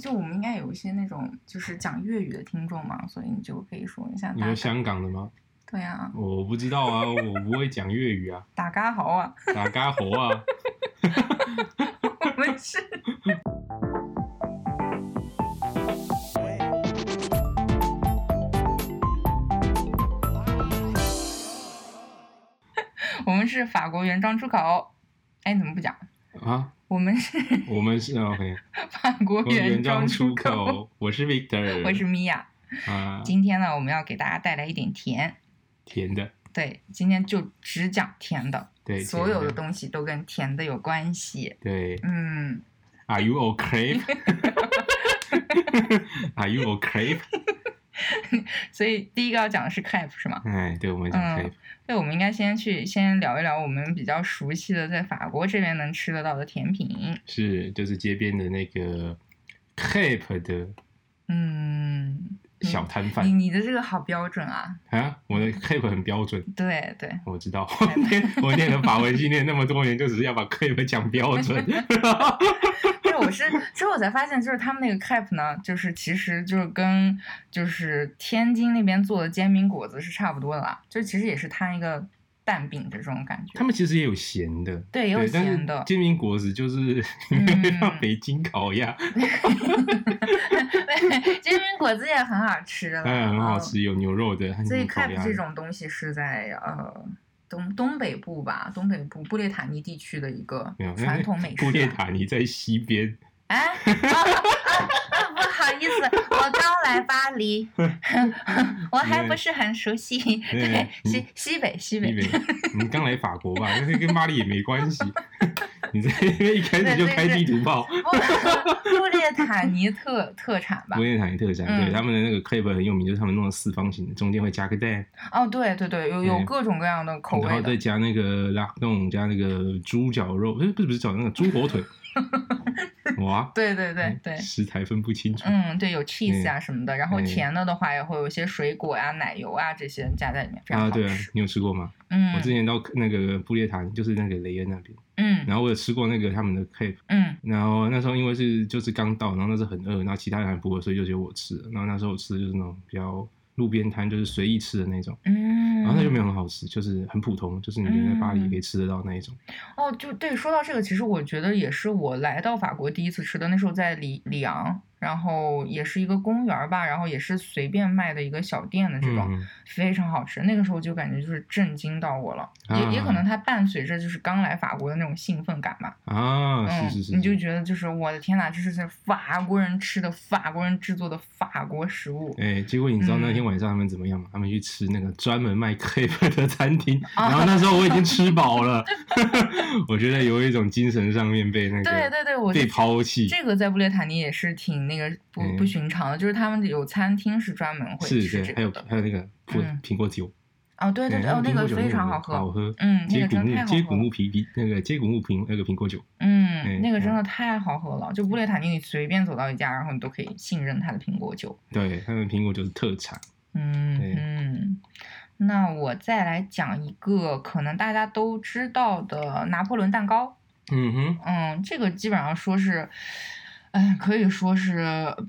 就我們應該有一些那種就是講粵語的聽眾嘛，所以你就可以說一下。你們香港的嗎？對啊。我不知道啊， 我不會講粵語啊。大家好啊！ 大家好啊！我們是，我們是法國原裝出口。哎，你怎麼不講？啊？我們是，我們是 OK。法國原裝出口。我是 Victor， 我是米婭。啊，今天呢，我們要給大家帶來一點甜，甜的。對，今天就只講甜的，對，所有的東西都跟甜的有關係。對，嗯，Are you okay？Are you okay？ 所以第一個要講的是 crêpe 是嗎？哎，對，我們講 crêpe 那、呃、我們應該先去先聊一聊我們比較熟悉的在法國這邊能吃得到的甜品。是，就是街邊的那個 crêpe 的，嗯，小攤販。嗯、你你的這個好標準啊！啊，我的 crêpe 很標準。對對，我知道， 我念的法文訓練那麼多年， 就只是要把 crêpe 講標準。 是之後我才發現，就是他們那個 cap 呢，就是其實就是跟就是天津那邊做的煎餅果子是差不多的啦，就其實也是攤一個蛋餅的這種感覺。他們其實也有鹹的，對，也有鹹的。煎餅果子就是北京、嗯、 烤鴨 煎餅果子也很好吃了、嗯，很好吃，有牛肉，的，牛肉的，所以 cap 這種東西是在呃。東東北部吧，東北部布列塔尼地區的一個傳統美食啊。布列塔尼在西邊。哎。 不好意思，我剛來巴黎， 我還不是很熟悉。對，對西西北西北、西北，你剛來法國吧？ 但跟巴黎也沒關係。 你在一,一開始就開地圖炮。 布列塔尼特特產吧？布列塔尼特產，對、嗯、他們的那個 clib 很有名，就是他們弄的四方形的，中間會加個蛋。哦，對對對，有、嗯、有各種各樣的口味的。然後再加那個拉弄，那種加那個豬腳肉，哎，不是不是，找那個豬火腿。 哇！對對對對，食材分不清。嗯，對，有 cheese 啊什麼的、嗯，然後甜的的話也會有一些水果啊、嗯、奶油啊這些加在裡面，非常好吃、啊啊。你有吃過嗎？嗯，我之前到那個布列塔尼，就是那個雷恩那邊，嗯，然後我有吃過那個他們的 cape，嗯，然後那時候因為是就是剛到，然後那是很餓，然後其他人還不餓，所以就只有我吃。然後那時候我吃的就是那種比較路邊攤，就是隨意吃的那種，嗯，然後它就沒有很好吃，就是很普通，就是你在巴黎可以吃得到的到那一種、嗯。哦，就對，說到這個，其實我覺得也是我來到法國第一次吃的，那時候在里里昂。然後也是一個公園吧，然後也是隨便賣的一個小店的這種，嗯、非常好吃。那個時候就感覺就是震驚到我了，啊、也也可能它伴隨着就是剛來法國的那種興奮感吧。啊、嗯，是是是，你就覺得就是我的天哪，這是在法國人吃的，法國人制作的法國食物。哎，結果你知道那天晚上他們怎麼樣嗎？嗯、他們去吃那個專門賣 crepe 的餐廳、啊，然後那時候我已經吃飽了， 我覺得有一種精神上面被那個，對對對，我被拋棄。這個在布列塔尼也是挺。那個不不尋常的、哎，就是他們有餐廳是專門會吃這個的。還有還有那個蘋、嗯、果酒，哦對對對，對嗯、那個非常好喝，好喝。嗯，那個真的太好喝了。接骨木皮皮那個接骨木瓶那個蘋果酒，嗯，那個真的太好喝了，嗯那個好喝了嗯。就布列塔尼，你隨便走到一家，然後你都可以信任他的蘋果酒。對，他們蘋果酒是特產。嗯嗯，那我再來講一個可能大家都知道的拿破崙蛋糕。嗯哼，嗯，這個基本上說是。嗯，可以說是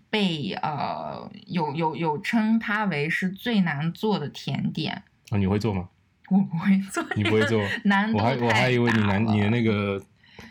被呃，有有有稱它為是最難做的甜點啊、哦？你會做嗎？我不會做，你不會做， 難，我還我還以為你難，你的那個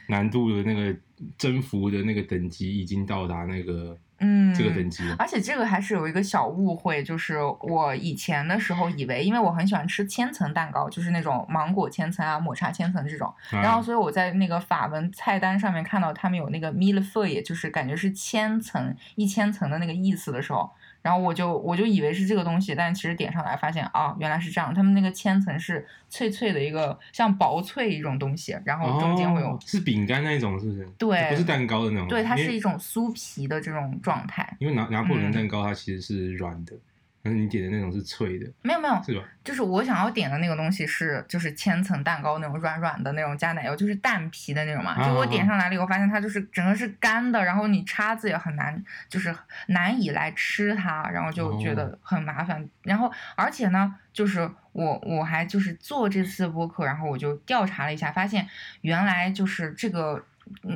難度的那個征服的那個等級已經到達那個。嗯、這個，而且這個還是有一個小誤會，就是我以前的時候以為，因為我很喜歡吃千層蛋糕，就是那種芒果千層啊、抹茶千層這種，然後所以我在那個法文菜單上面看到他們有那個 mille feuille，也就是感覺是千層、一千層的那個意思的時候。然後我就我就以為是這個東西，但其實點上來發現啊、哦，原來是這樣。他們那個千層是脆脆的一個，像薄脆一種東西，然後中間會有、哦、是餅乾那一種是不是？對，不是蛋糕的那種。對，它是一種酥皮的這種狀態。因為，因為拿拿破崙蛋糕它其實是軟的。嗯但是你點的那種是脆的，沒有沒有，是吧？就是我想要點的那個東西是，就是千層蛋糕那種軟軟的那種加奶油，就是蛋皮的那種嘛。就、哦、我、哦哦、點上來了以後，發現它就是整個是乾的，然後你叉子也很難，就是難以來吃它，然後就覺得很麻煩。哦、然後而且呢，就是我我還就是做這次播客，然後我就調查了一下，發現原來就是這個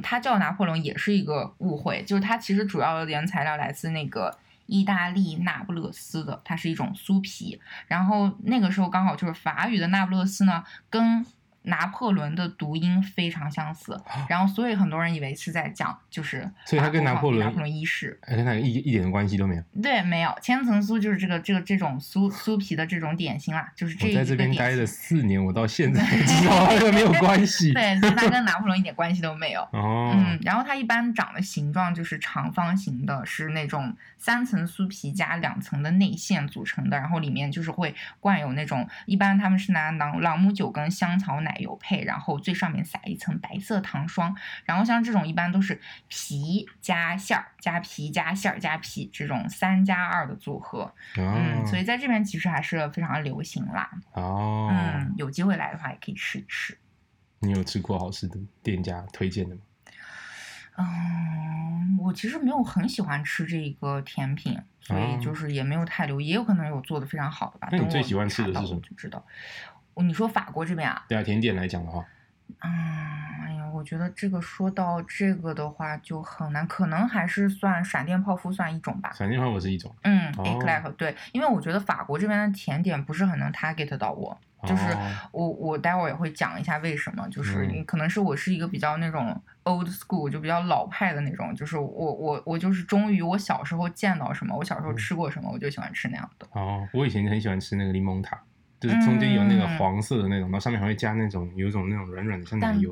它叫拿破崙也是一個誤會，就是它其實主要的原材料來自那個。意大利那不勒斯的，它是一種酥皮，然後那個時候剛好就是法語的那不勒斯呢，跟拿破崙的讀音非常相似，然後所以很多人以為是在講就是，所以它跟拿破崙拿破崙一世，哎，它一一點關係都沒有。對，沒有千層酥就是這個這個這種酥酥皮的這種點心啦、啊，就是這一個點心。我在這邊待了四年，我到現在知道 沒有關係。對，其實它跟拿破崙一點關係都沒有。哦、嗯，然後它一般長的形狀就是長方形的，是那種三層酥皮加兩層的內餡組成的，然後裡面就是會灌有那種，一般他們是拿朗朗姆酒跟香草奶。有配，然後最上面撒一層白色糖霜，然後像這種一般都是皮加餡兒加皮加餡兒加皮這種三加二的組合。哦，嗯，所以在這邊其實還是非常流行啦。哦，嗯，有機會來的話也可以試一試。你有吃過好吃的店家推薦的嗎？嗯，我其實沒有很喜歡吃這個甜品，所以就是也沒有太留意，也有可能有做的非常好的吧。哦。等我我就，你最喜歡吃的是什麼？就知道。你說法國這邊啊？對啊，甜點來講的話，嗯，哎呀，我覺得這個說到這個的話就很難，可能還是算閃電泡芙算一種吧。閃電泡芙是一種。嗯，Eclair，對，因為我覺得法國這邊的甜點不是很能 target 到我，就是我、哦、我待會也會講一下為什麼，就是可能是我是一個比較那種 old school，就比較老派的那種，就是我我我就是忠於我小時候見到什麼，我小時候吃過什麼、嗯，我就喜歡吃那樣的。哦，我以前很喜歡吃那個檸檬塔。就是中間有那個黃色的那種、嗯，然後上面還會加那種有一種那種軟軟的像奶油，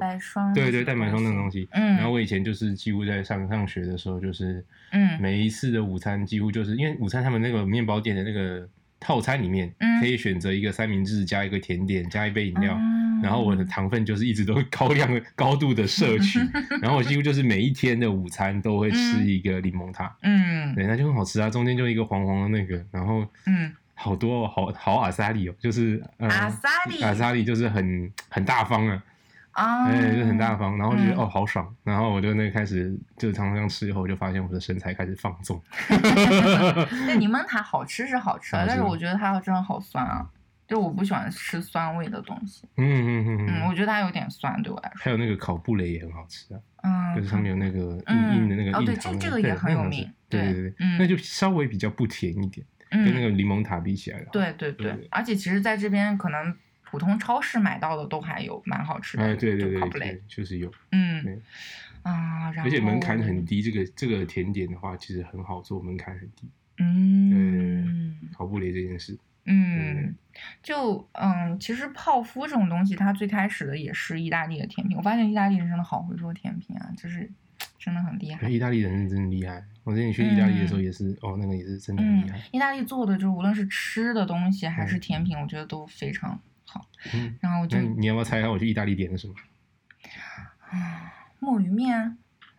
對，對對，蛋白霜那種東西、嗯。然後我以前就是幾乎在上上學的時候，就是嗯，每一次的午餐幾乎就是、嗯、因為午餐他們那個麵包店的那個套餐裡面，可以選擇一個三明治、嗯、加一個甜點加一杯飲料、嗯，然後我的糖分就是一直都高量高度的攝取、嗯，然後我幾乎就是每一天的午餐都會吃一個檸檬塔，嗯，嗯，對，那就很好吃啊，中間就一個黃黃的那個，然後嗯。好多哦，好好阿、啊、薩利哦，就是阿薩、呃啊、利，阿、啊、薩利就是很很大方啊，um, 哎，就是、很大方，然後覺得、嗯、哦好爽，然後我就那開始就常常吃以後，我就發現我的身材開始放縱。那檸檬塔好吃是好吃啊，但是我覺得它真的好酸啊、嗯，就我不喜歡吃酸味的東西。嗯嗯嗯嗯，我覺得它有點酸，對我來說。還有那個烤布蕾也很好吃啊，嗯、就是上面有那個硬硬的那個硬糖、嗯。哦，對，哦對，這個、這個也很有名。對對對、嗯，那就稍微比較不甜一點。跟那個檸檬塔比起來的、嗯對對對對對對，對對對，而且其實在這邊可能普通超市買到的都還有蠻好吃的，哎，對對對，確實、就是、有，嗯，啊然後，而且門檻很低，這個這個甜點的話其實很好做，門檻很低，嗯，對、嗯、好不考雷這件事，嗯，嗯就嗯，其實泡芙這種東西，它最開始的也是意大利的甜品，我發現意大利人真的好會做甜品啊，就是。真的很厲害，哎、意大利人真的厲害。我之前你去意大利的時候也是、嗯，哦，那個也是真的很厲害、嗯。意大利做的就無論是吃的東西還是甜品，嗯、我覺得都非常好。嗯，然後我就那你要不要猜一下我去意大利點了什麼？啊，墨魚麵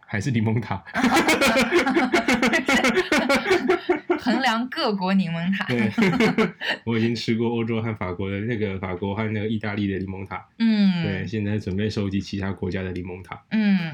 還是檸檬塔？哈哈哈哈哈哈哈哈哈哈！ 衡量各國檸檬塔。對，我已經吃過歐洲和法國的那個，法國和那個意大利的檸檬塔。嗯，對，現在準備收集其他國家的檸檬塔。嗯，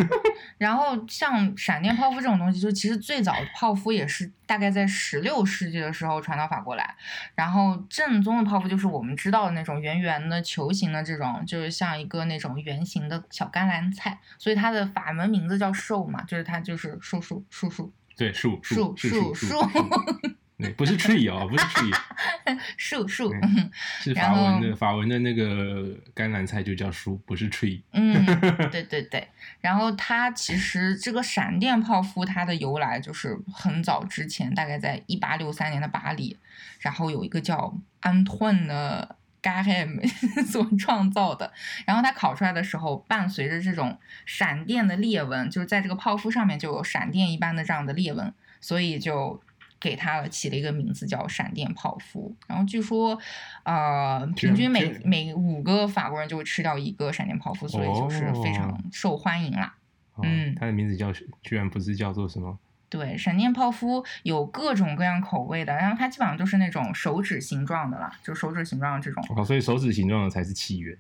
然後像閃電泡芙這種東西，就其實最早泡芙也是大概在十六世紀的時候傳到法國來。然後正宗的泡芙就是我們知道的那種圓圓的球形的這種，就是像一個那種圓形的小甘藍菜，所以它的法文名字叫“壽”嘛，就是它就是壽壽“瘦、瘦、叔叔”。 對，樹樹樹樹、樹、樹、樹，不是 tree 哦，不是 tree， 樹樹、嗯、是法文的，法文的那個甘藍菜就叫樹，不是 tree。嗯，對對對。然後它其實這個閃電泡芙它的由來就是很早之前，大概在一八六三年的巴黎，然後有一個叫安 n 的。伽漢所創造的，然後它烤出來的時候，伴隨着這種閃電的裂紋，就是在這個泡芙上面就有閃電一般的這樣的裂紋，所以就給它起了一個名字叫閃電泡芙。然後據說呃，呃，平均每每五個法國人就會吃掉一個閃電泡芙，所以就是非常受歡迎啦、哦哦。嗯，它的名字叫居然不是叫做什麼？對，閃電泡芙有各種各樣口味的，然後它基本上都是那種手指形狀的啦，就手指形狀的這種。哦，所以手指形狀的才是起源，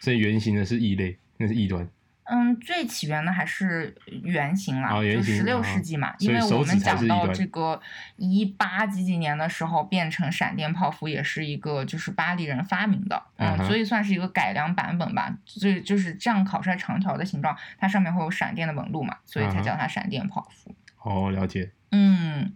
所以圓形的是異類，那是異端。嗯，最起源的還是圓形啦，哦、就十六世紀嘛、哦。所以手指才是異端。因為我們講到這個一八幾幾年的時候，變成閃電泡芙也是一個，就是巴黎人發明的。嗯、啊，所以算是一個改良版本吧。所以就是這樣烤出來長條的形狀，它上面會有閃電的紋路嘛，所以才叫它閃電泡芙。啊哦，了解。嗯，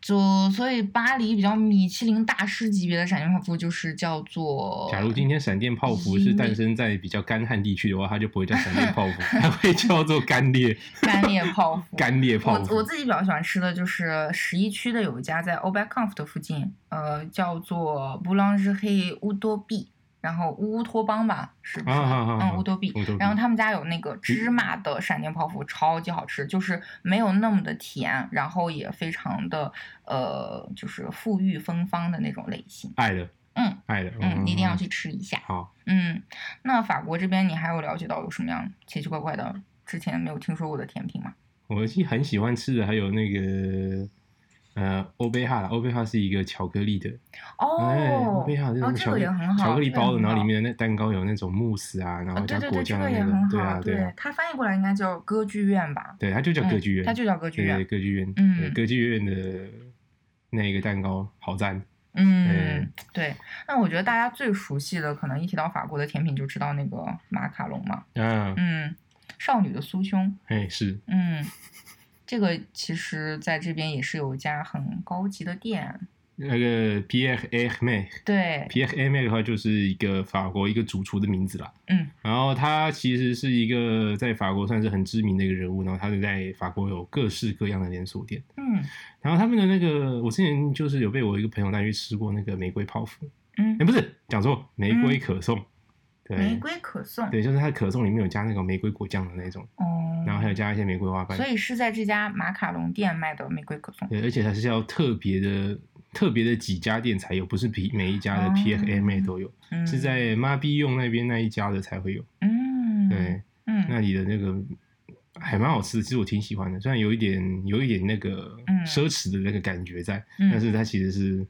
就所以巴黎比較米其林大師級別的閃電泡芙就是叫做。假如今天閃電泡芙是誕生在比較乾旱地區的話，它就不會叫閃電泡芙，它會叫做乾裂 乾裂泡芙。 乾裂泡芙。我我自己比較喜歡吃的就是十一區的，有一家在歐 u b e c o m 的附近，呃，叫做布朗日黑烏多比。然後烏托邦吧，是不是？啊、嗯，啊、烏托比。然後他們家有那個芝麻的閃電泡芙，嗯，超級好吃，就是沒有那麼的甜，然後也非常的呃，就是馥郁芬芳的那種類型。愛的，嗯，愛的，嗯，嗯嗯一定要去吃一下，嗯。好，嗯，那法國這邊你還有了解到有什麼樣奇奇怪怪的，之前沒有聽說過的甜品嗎？我是很喜歡吃的還有那個。呃，歐貝哈啦，歐貝哈是一個巧克力的哦，歐、哎、貝哈是、哦巧，這個、巧克力包的，然後裡面的那蛋糕有那種慕斯啊，然後加果醬、啊哦、對對對對也很好那種、個。對啊，對，對，啊對啊，它翻譯過來應該叫歌劇院吧？對，它就叫歌劇院，它就叫歌劇院，歌劇院，嗯，歌劇院的那一個蛋糕好讚，嗯，嗯，對。那我覺得大家最熟悉的，可能一提到法國的甜品，就知道那個馬卡龍嘛，嗯、啊、嗯，少女的酥胸，哎，是，嗯。這個其實在這邊也是有一家很高級的店，啊，那個 Pierre Hermé。對，Pierre Hermé 的話就是一個法國一個主廚的名字啦。嗯，然後他其實是一個在法國算是很知名的一個人物，然後他就在法國有各式各樣的連鎖店。嗯，然後他們的那個，我之前就是有被我一個朋友帶去吃過那個玫瑰泡芙。嗯，哎，不是，講錯，玫瑰可頌。嗯對，玫瑰可頌，對，就是它的可頌裡面有加那個玫瑰果醬的那種，哦、嗯，然後還有加一些玫瑰花瓣，所以是在這家馬卡龍店賣的玫瑰可頌，對，而且它是要特別的，特別的幾家店才有，不是比每一家的 P F M A 都有，哦、嗯嗯、是在媽逼用那邊那一家的才會有，嗯，對，嗯，那裡的那個還蠻好吃的，其實我挺喜歡的，雖然有一點有一點那個奢侈的那個感覺在，嗯嗯、但是它其實是。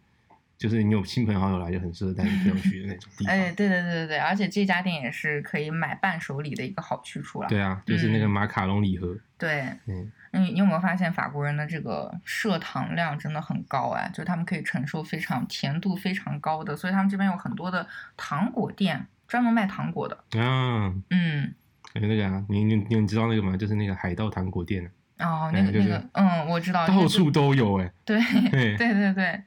就是你有親朋好友來，就很適合帶女朋友去的那種地方。 哎，對對對對對，而且這家店也是可以買伴手禮的一個好去處了。對啊，就是那個馬卡龍禮盒。嗯。對，嗯，你你有沒有發現法國人的這個攝糖量真的很高哎、啊？就他們可以承受非常甜度非常高的，所以他們這邊有很多的糖果店專門賣糖果的。啊、嗯。嗯、哎，那個啊，你你你知道那個嗎？就是那個海盜糖果店。哦，那個，就是、那個，嗯，我知道。到處都有哎、欸。對對對對對。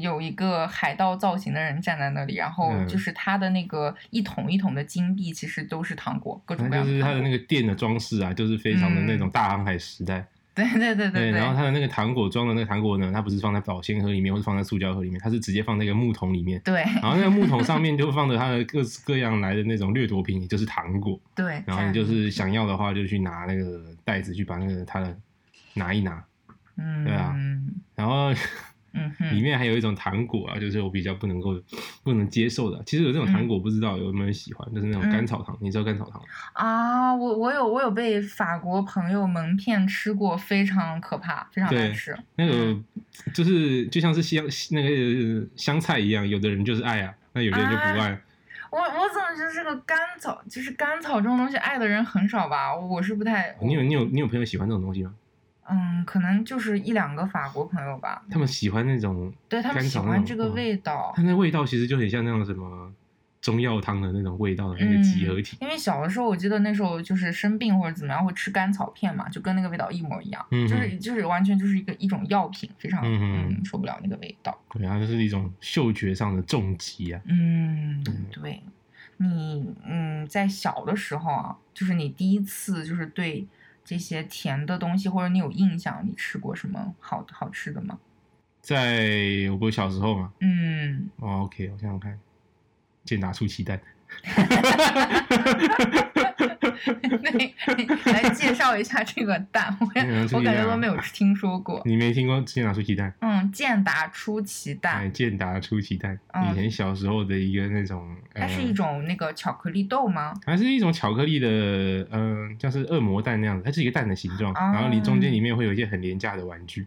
有一個海盜造型的人站在那裡，然後就是他的那個一桶一桶的金幣，其實都是糖果，各種各樣。就是他的那個店的裝飾啊，就是非常的那種大航海時代。嗯、對，對對對對。對，然後他的那個糖果裝的那個糖果呢，它不是放在保鮮盒裡面或者放在塑膠盒裡面，它是直接放那個木桶裡面。對。然後那個木桶上面就放着他的各式各樣來的那種掠奪品，就是糖果，對。對。然後你就是想要的話，就去拿那個袋子去把那個他的拿一拿。嗯。對啊、嗯。然後。嗯哼，裡面還有一種糖果啊，就是我比較不能夠不能接受的。其實有這種糖果，不知道有沒有人喜歡、嗯，就是那種甘草糖、嗯。你知道甘草糖嗎？啊，我我有我有被法國朋友蒙騙吃過，非常可怕，非常難吃。那個、嗯、就是就像是香那個香菜一樣，有的人就是愛啊，那有的人就不愛。啊、我我總覺得這個甘草就是甘草這種東西，愛的人很少吧？我是不太。你有你有你有朋友喜歡這種東西嗎？嗯，可能就是一兩個法國朋友吧，他們喜歡那種，對，他們喜歡這個味道。它那味道其實就很像那種什麼中藥湯的那種味道的、嗯、那個集合體。因為小的時候，我記得那時候就是生病或者怎麼樣會吃甘草片嘛，就跟那個味道一模一樣，嗯、就是就是完全就是一個一種藥品，非常、嗯嗯、受不了那個味道。對它、啊、就是一種嗅覺上的重擊啊。嗯，對，你嗯在小的時候啊，就是你第一次就是對。這些甜的東西，或者你有印象，你吃過什麼好好吃的嗎？在我不是小時候嗎？嗯，oh，OK，我想想看，先拿出雞蛋。哈哈哈哈哈哈哈哈哈哈！來介紹一下這個蛋，我我感覺都沒有聽說過。你沒聽過？健達出奇蛋？嗯，健達出奇蛋，欸健達出奇蛋，嗯，以前小時候的一個那種、嗯呃。它是一種那個巧克力豆嗎？它是一種巧克力的，嗯、呃，像是惡魔蛋那樣子，它是一個蛋的形狀，然後你中間裡面會有一些很廉價的玩具。嗯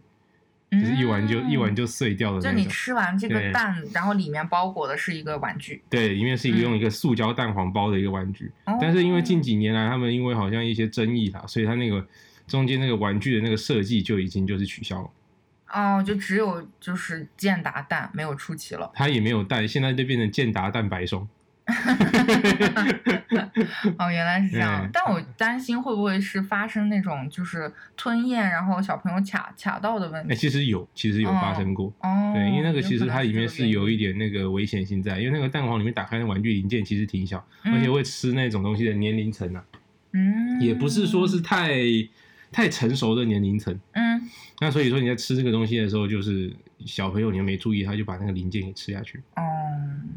就是一玩就、嗯、一玩就碎掉的那種，就你吃完這個蛋，然後裡面包裹的是一個玩具。對，裡面是一個用一個塑膠蛋黃包的一個玩具、嗯。但是因為近幾年來，他們因為好像一些爭議啊，所以它那個中間那個玩具的那個設計就已經就是取消了。哦，就只有就是健達蛋沒有出齊蛋了。它也沒有蛋，現在就變成健達蛋白鬆。 哦，原來是這樣，但我擔心會不會是發生那種就是吞咽，然後小朋友卡卡到的問題、欸。其實有，其實有發生過。哦，對，因為那個其實它裡面是有一點那個危險性在，因為那個蛋黃裡面打開的玩具零件其實挺小，嗯、而且會吃那種東西的年齡層呢、啊，嗯，也不是說是太太成熟的年齡層，嗯，那所以說你在吃這個東西的時候，就是小朋友你又沒注意，他就把那個零件給吃下去，哦、嗯。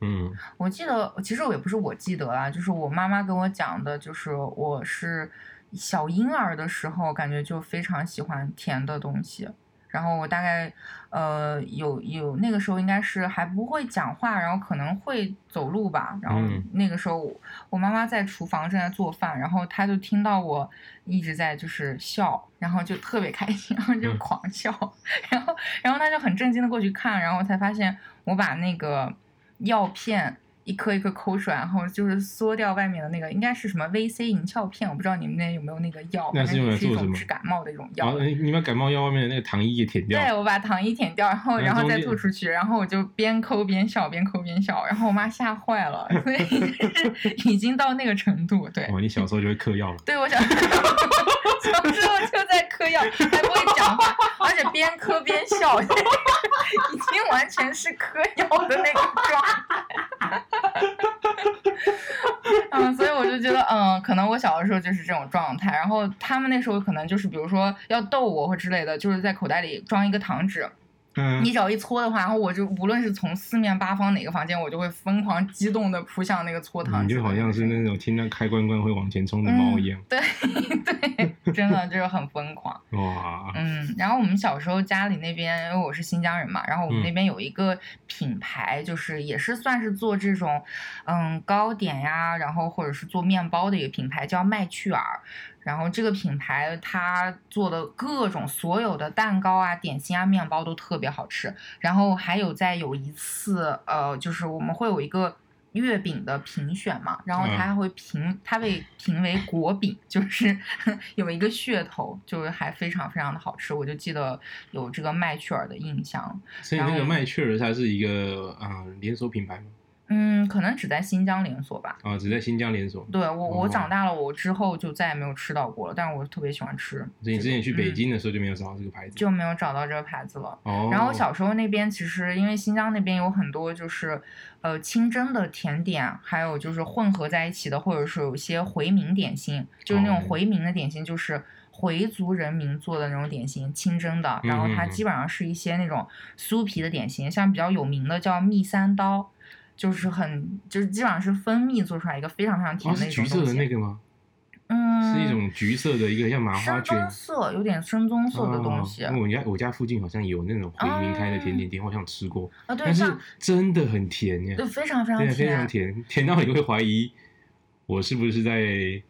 嗯，我記得，其實我也不是我記得啦，就是我媽媽跟我講的，就是我是小嬰兒的時候，感覺就非常喜歡甜的東西。然後我大概，呃，有有那個時候應該是還不會講話，然後可能會走路吧。然後那個時候我，我媽媽在廚房正在做飯，然後她就聽到我一直在就是笑，然後就特別開心，然後就狂笑。嗯、然後然後她就很震驚的過去看，然後才發現我把那個。藥片一顆一顆摳出來，然後就是縮掉外面的那個，應該是什麼 VC 銀翹片，我不知道你們那有沒有那個藥，那是,用來做反正也是一種治感冒的一種藥、哦。你們感冒藥外面的那個糖衣也舔掉？對，我把糖衣舔掉，然後然後再吐出去，然後我就邊摳邊笑，邊摳邊笑，然後我媽嚇壞了，所以 已經到那個程度。對、哦，你小時候就會嗑藥了？對，我小時候 小時候。嗑 藥還不會講話，而且邊嗑邊笑， 已經完全是嗑藥的那個狀態。 嗯，所以我就覺得，嗯，可能我小的時候就是這種狀態。然後他們那時候可能就是，比如說要逗我或之類的，就是在口袋裡裝一個糖紙。 你只要一搓的話，然後我就無論是從四面八方哪個房間，我就會瘋狂激動地撲向那個搓糖機。就好像是那種聽到開關關會往前衝的貓一樣。嗯、對對，真的就是很瘋狂。 哇。嗯，然後我們小時候家裡那邊，因為我是新疆人嘛，然後我們那邊有一個品牌，就是也是算是做這種嗯，嗯糕點呀，然後或者是做麵包的一個品牌，叫麥趣爾。然後這個品牌它做的各種所有的蛋糕啊、點心啊、麵包都特別好吃。然後還有在有一次，呃，就是我們會有一個月餅的評選嘛，然後它還會評，它被評為國餅，就是、呃、有一個噱頭， 就是還非常非常的好吃。我就記得有這個麥趣爾的印象。所以那個麥趣爾它是一個啊、呃、連鎖品牌嗎？嗯，可能只在新疆連鎖吧。啊、哦，只在新疆連鎖。對我、哦，我長大了，我之後就再也沒有吃到過了。但是，我特別喜歡吃。所以你之前去北京的時候就沒有找到這個牌子。嗯、就沒有找到這個牌子了。哦、然後，我小時候那邊其實因為新疆那邊有很多就是，呃，清真的甜點，還有就是混合在一起的，或者是有些回民點心，就是那種回民的點心，就是回族人民做的那種點心，清真的。然後，它基本上是一些那種酥皮的點心，哦嗯、像比較有名的叫蜜三刀。就是很，就是基本上是蜂蜜做出來一個非常非常甜的種。哦、是橘色的那個嗎？嗯，是一種橘色的一個像麻花卷，深棕色，有點深棕色的東西。啊、我家我家附近好像有那種回民開的甜點店，我好、啊、像吃過、啊啊。但是真的很甜呀，對，非常非常甜對、啊，非常甜，甜到你會懷疑我是不是在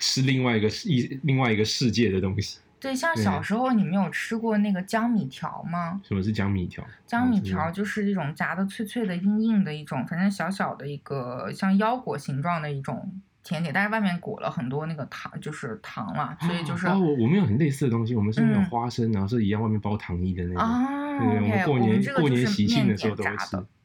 吃另外一個世一、另外一個世界的東西。對，像小時候你們有吃過那個江米條嗎？什麼是江米條？江米條就是這種炸的脆脆的、硬、嗯、硬的一種，反正小小的一個像腰果形狀的一種甜點，但是外面裹了很多那個糖，就是糖了、啊。所以就是哦，哦，我們有很類似的東西，我們是那種花生、啊，然、嗯、後是一樣外面包糖衣的那種、個。啊，對，對，okay，我們過年過年喜慶的時候都吃。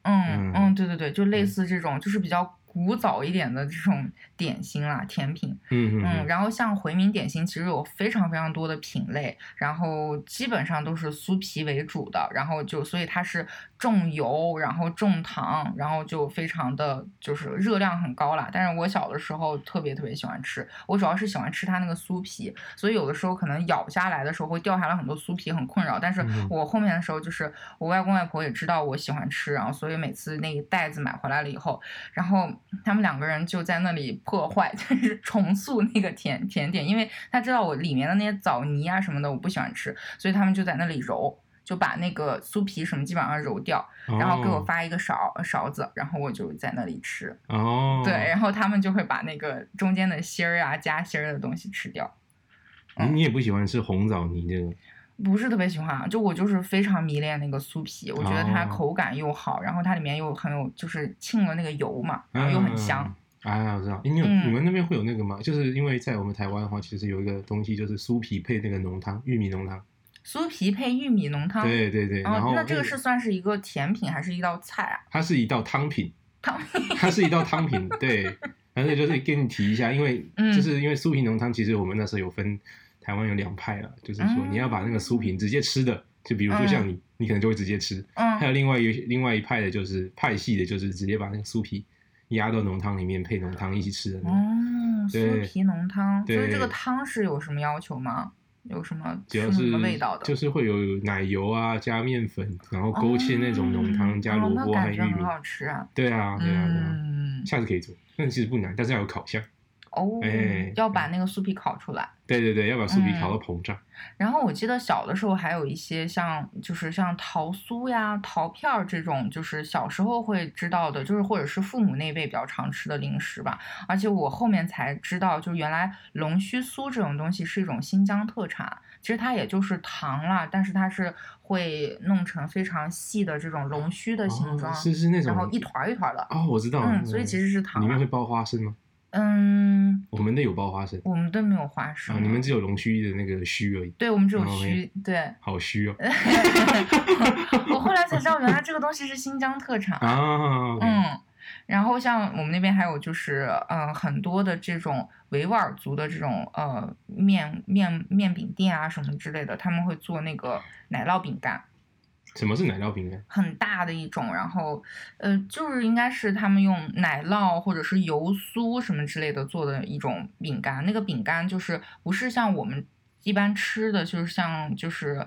嗯嗯，對對對，就類似這種，嗯、就是比較。古早一點的這種點心啦、啊，甜品，嗯嗯，然後像回民點心，其實有非常非常多的品類，然後基本上都是酥皮為主的，然後就所以它是重油，然後重糖，然後就非常的就是熱量很高啦。但是我小的時候特別特別喜歡吃，我主要是喜歡吃它那個酥皮，所以有的時候可能咬下來的時候會掉下來很多酥皮，很困擾。但是我後面的時候就是我外公外婆也知道我喜歡吃，然後所以每次那一袋子買回來了以後，然後。他們兩個人就在那裡破壞，就是重塑那個甜甜點，因為他知道我裡面的那些棗泥啊什麼的我不喜歡吃，所以他們就在那裡揉，就把那個酥皮什麼基本上揉掉，然後給我發一個勺、oh. 勺子，然後我就在那裡吃。哦、oh. 對，然後他們就會把那個中間的芯兒啊、夾芯兒的東西吃掉、嗯。你也不喜歡吃紅棗泥的、這個。不是特別喜歡，就我就是非常迷戀那個酥皮，我覺得它口感又好，哦、然後它裡面又很有，就是浸了那個油嘛，啊、然後又很香。哎、啊啊，我知道，你、嗯、你們那邊會有那個嗎？就是因為在我們台灣的話，其實有一個東西就是酥皮配那個濃湯，玉米濃湯。酥皮配玉米濃湯。對對對，然後，然後、嗯、那這個是算是一個甜品還是一道菜啊？它是一道湯品。湯。它是一道湯品， 對。反正就是給你提一下，因為就是因為酥皮濃湯，其實我們那時候有分。台灣有兩派了、啊，就是說你要把那個酥皮直接吃的，嗯、就比如說像你、嗯，你可能就會直接吃。嗯、還有另外一另外一派的就是派系的，就是直接把那個酥皮壓到濃湯裡面配濃湯一起吃的。哦、嗯，酥皮濃湯對，所以這個湯是有什麼要求嗎？有什麼是，主要是什麼味道的？就是會有奶油啊，加麵粉，然後勾芡那種濃湯，嗯、加蘿蔔還有玉米，嗯、很好吃啊。對啊，對啊，對啊。嗯、下次可以做。但是其實不難，但是要有烤箱。哦、oh, 哎哎哎，要把那個酥皮烤出來。對對對，要把酥皮烤到膨脹，嗯。然後我記得小的時候還有一些像，就是像桃酥呀、桃片兒這種，就是小時候會知道的，就是或者是父母那輩比較常吃的零食吧。而且我後面才知道，就原來龍鬚酥這種東西是一種新疆特產，其實它也就是糖啦，但是它是會弄成非常細的這種龍鬚的形狀，哦、是是那種，然後一團一團的。哦，我知道。嗯，所以其實是糖。裡面會包花生嗎？嗯、um，我們都有包花生，我們都沒有花生。啊，你們只有龍鬚的那個鬚而已。對，我們只有鬚，oh, okay. 對，好虛哦。 我後來才知道，原來這個東西是新疆特產。 嗯，然後像我們那邊還有就是，嗯、呃，很多的這種維吾爾族的這種呃麵麵麵餅店啊什麼之類的，他們會做那個奶酪餅乾。什麼是奶酪餅乾啊？很大的一種，然後，呃，就是應該是他們用奶酪或者是油酥什麼之類的做的一種餅乾。那個餅乾就是不是像我們一般吃的，就是像就是。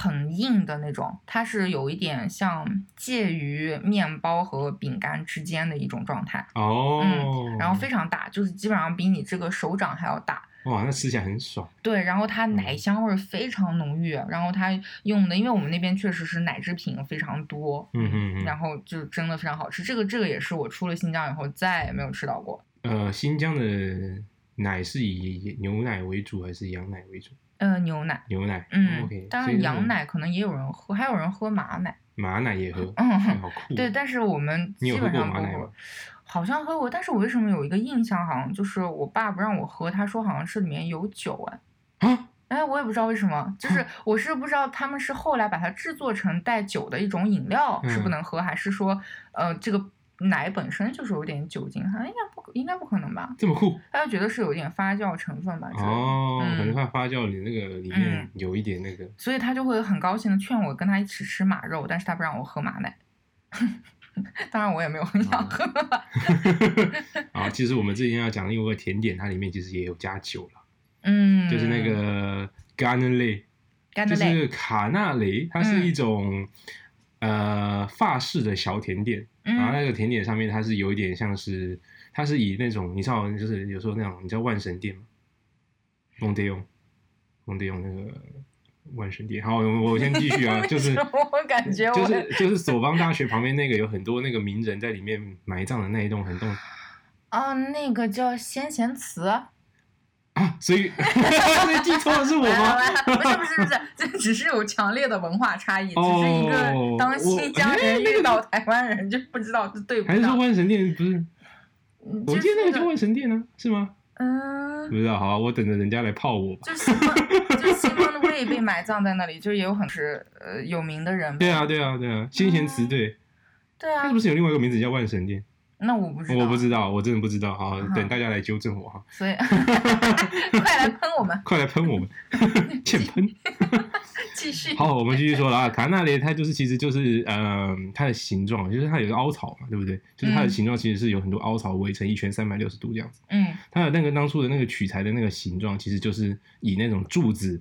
很硬的那種，它是有一點像介於麵包和餅乾之間的一種狀態哦，oh, 嗯，然後非常大，就是基本上比你這個手掌還要大。哇，哦，那吃起來很爽。對，然後它奶香味非常濃郁，嗯，然後它用的，因為我們那邊確實是奶製品非常多，嗯嗯嗯，然後就真的非常好吃。這個這個也是我出了新疆以後再也沒有吃到過。呃，新疆的奶是以牛奶為主還是羊奶為主？呃，牛奶，牛奶，嗯，當、okay, 然羊奶可能也有人喝，嗯，還有人喝馬奶，馬奶也喝，嗯，好、嗯、對、嗯，但是我們基本上不喝。好像喝過，但是我為什麼有一個印象，好像就是我爸不讓我喝，他說好像是裡面有酒、啊，嗯、啊。哎，我也不知道為什麼，就是我是不知道他們是後來把它製作成帶酒的一種飲料是不能喝，啊、還是說呃這個。奶本身就是有點酒精，像應該不，應該不可能吧？這麼酷，他就覺得是有點發酵成分吧？哦，可能他發酵裡那個裡面有一點那個。嗯、所以他就會很高興的勸我跟他一起吃馬肉，但是他不讓我喝馬奶。 當然我也沒有很想喝。啊、嗯， 其實我們之前要講的，有個甜點，它裡面其實也有加酒了。嗯，就是那個卡納雷，就是卡納雷，它是一種、嗯、呃法式的小甜點。然後那個甜點上面，它是有一點像是，嗯，它是以那種你知道，就是有時候那種你叫萬神殿嗎？蒙德用蒙德用那個萬神殿。好，我先繼續啊， 就是我感覺我、就是，就是就是索邦大學旁邊那個有很多那個名人在裡面埋葬的那一棟很動。哦、啊，那個叫先賢祠。啊，所以哈哈所以記錯的是我嗎？ 來來來，不是不是不是，這只是有強烈的文化差異，oh, 只是一個當新疆人遇到台灣人、哎、就不知道是對不對。還是說萬神殿不是？就是、我記得那個叫萬神殿呢、啊，是嗎？嗯，不知道，好、啊，我等着人家來泡我吧。就西方的胃被埋葬在那裡，就也有很多呃有名的人。 對啊對啊對啊，先賢祠對。對啊，對啊對嗯、對啊他是不是有另外一個名字叫萬神殿？那我不，我不知道，我真的不知道啊！等大家來糾正我哈。所以， 快來噴我們！快來噴我們！欠噴！繼續。好，我們繼續說了啊。卡納雷它就是，其實就是，嗯，它的形狀就是它有個凹槽嘛，對不對？就是它的形狀其實是有很多凹槽圍成一圈三百六十度這樣子。嗯。它的那個當初的那個取材的那個形狀，其實就是以那種柱子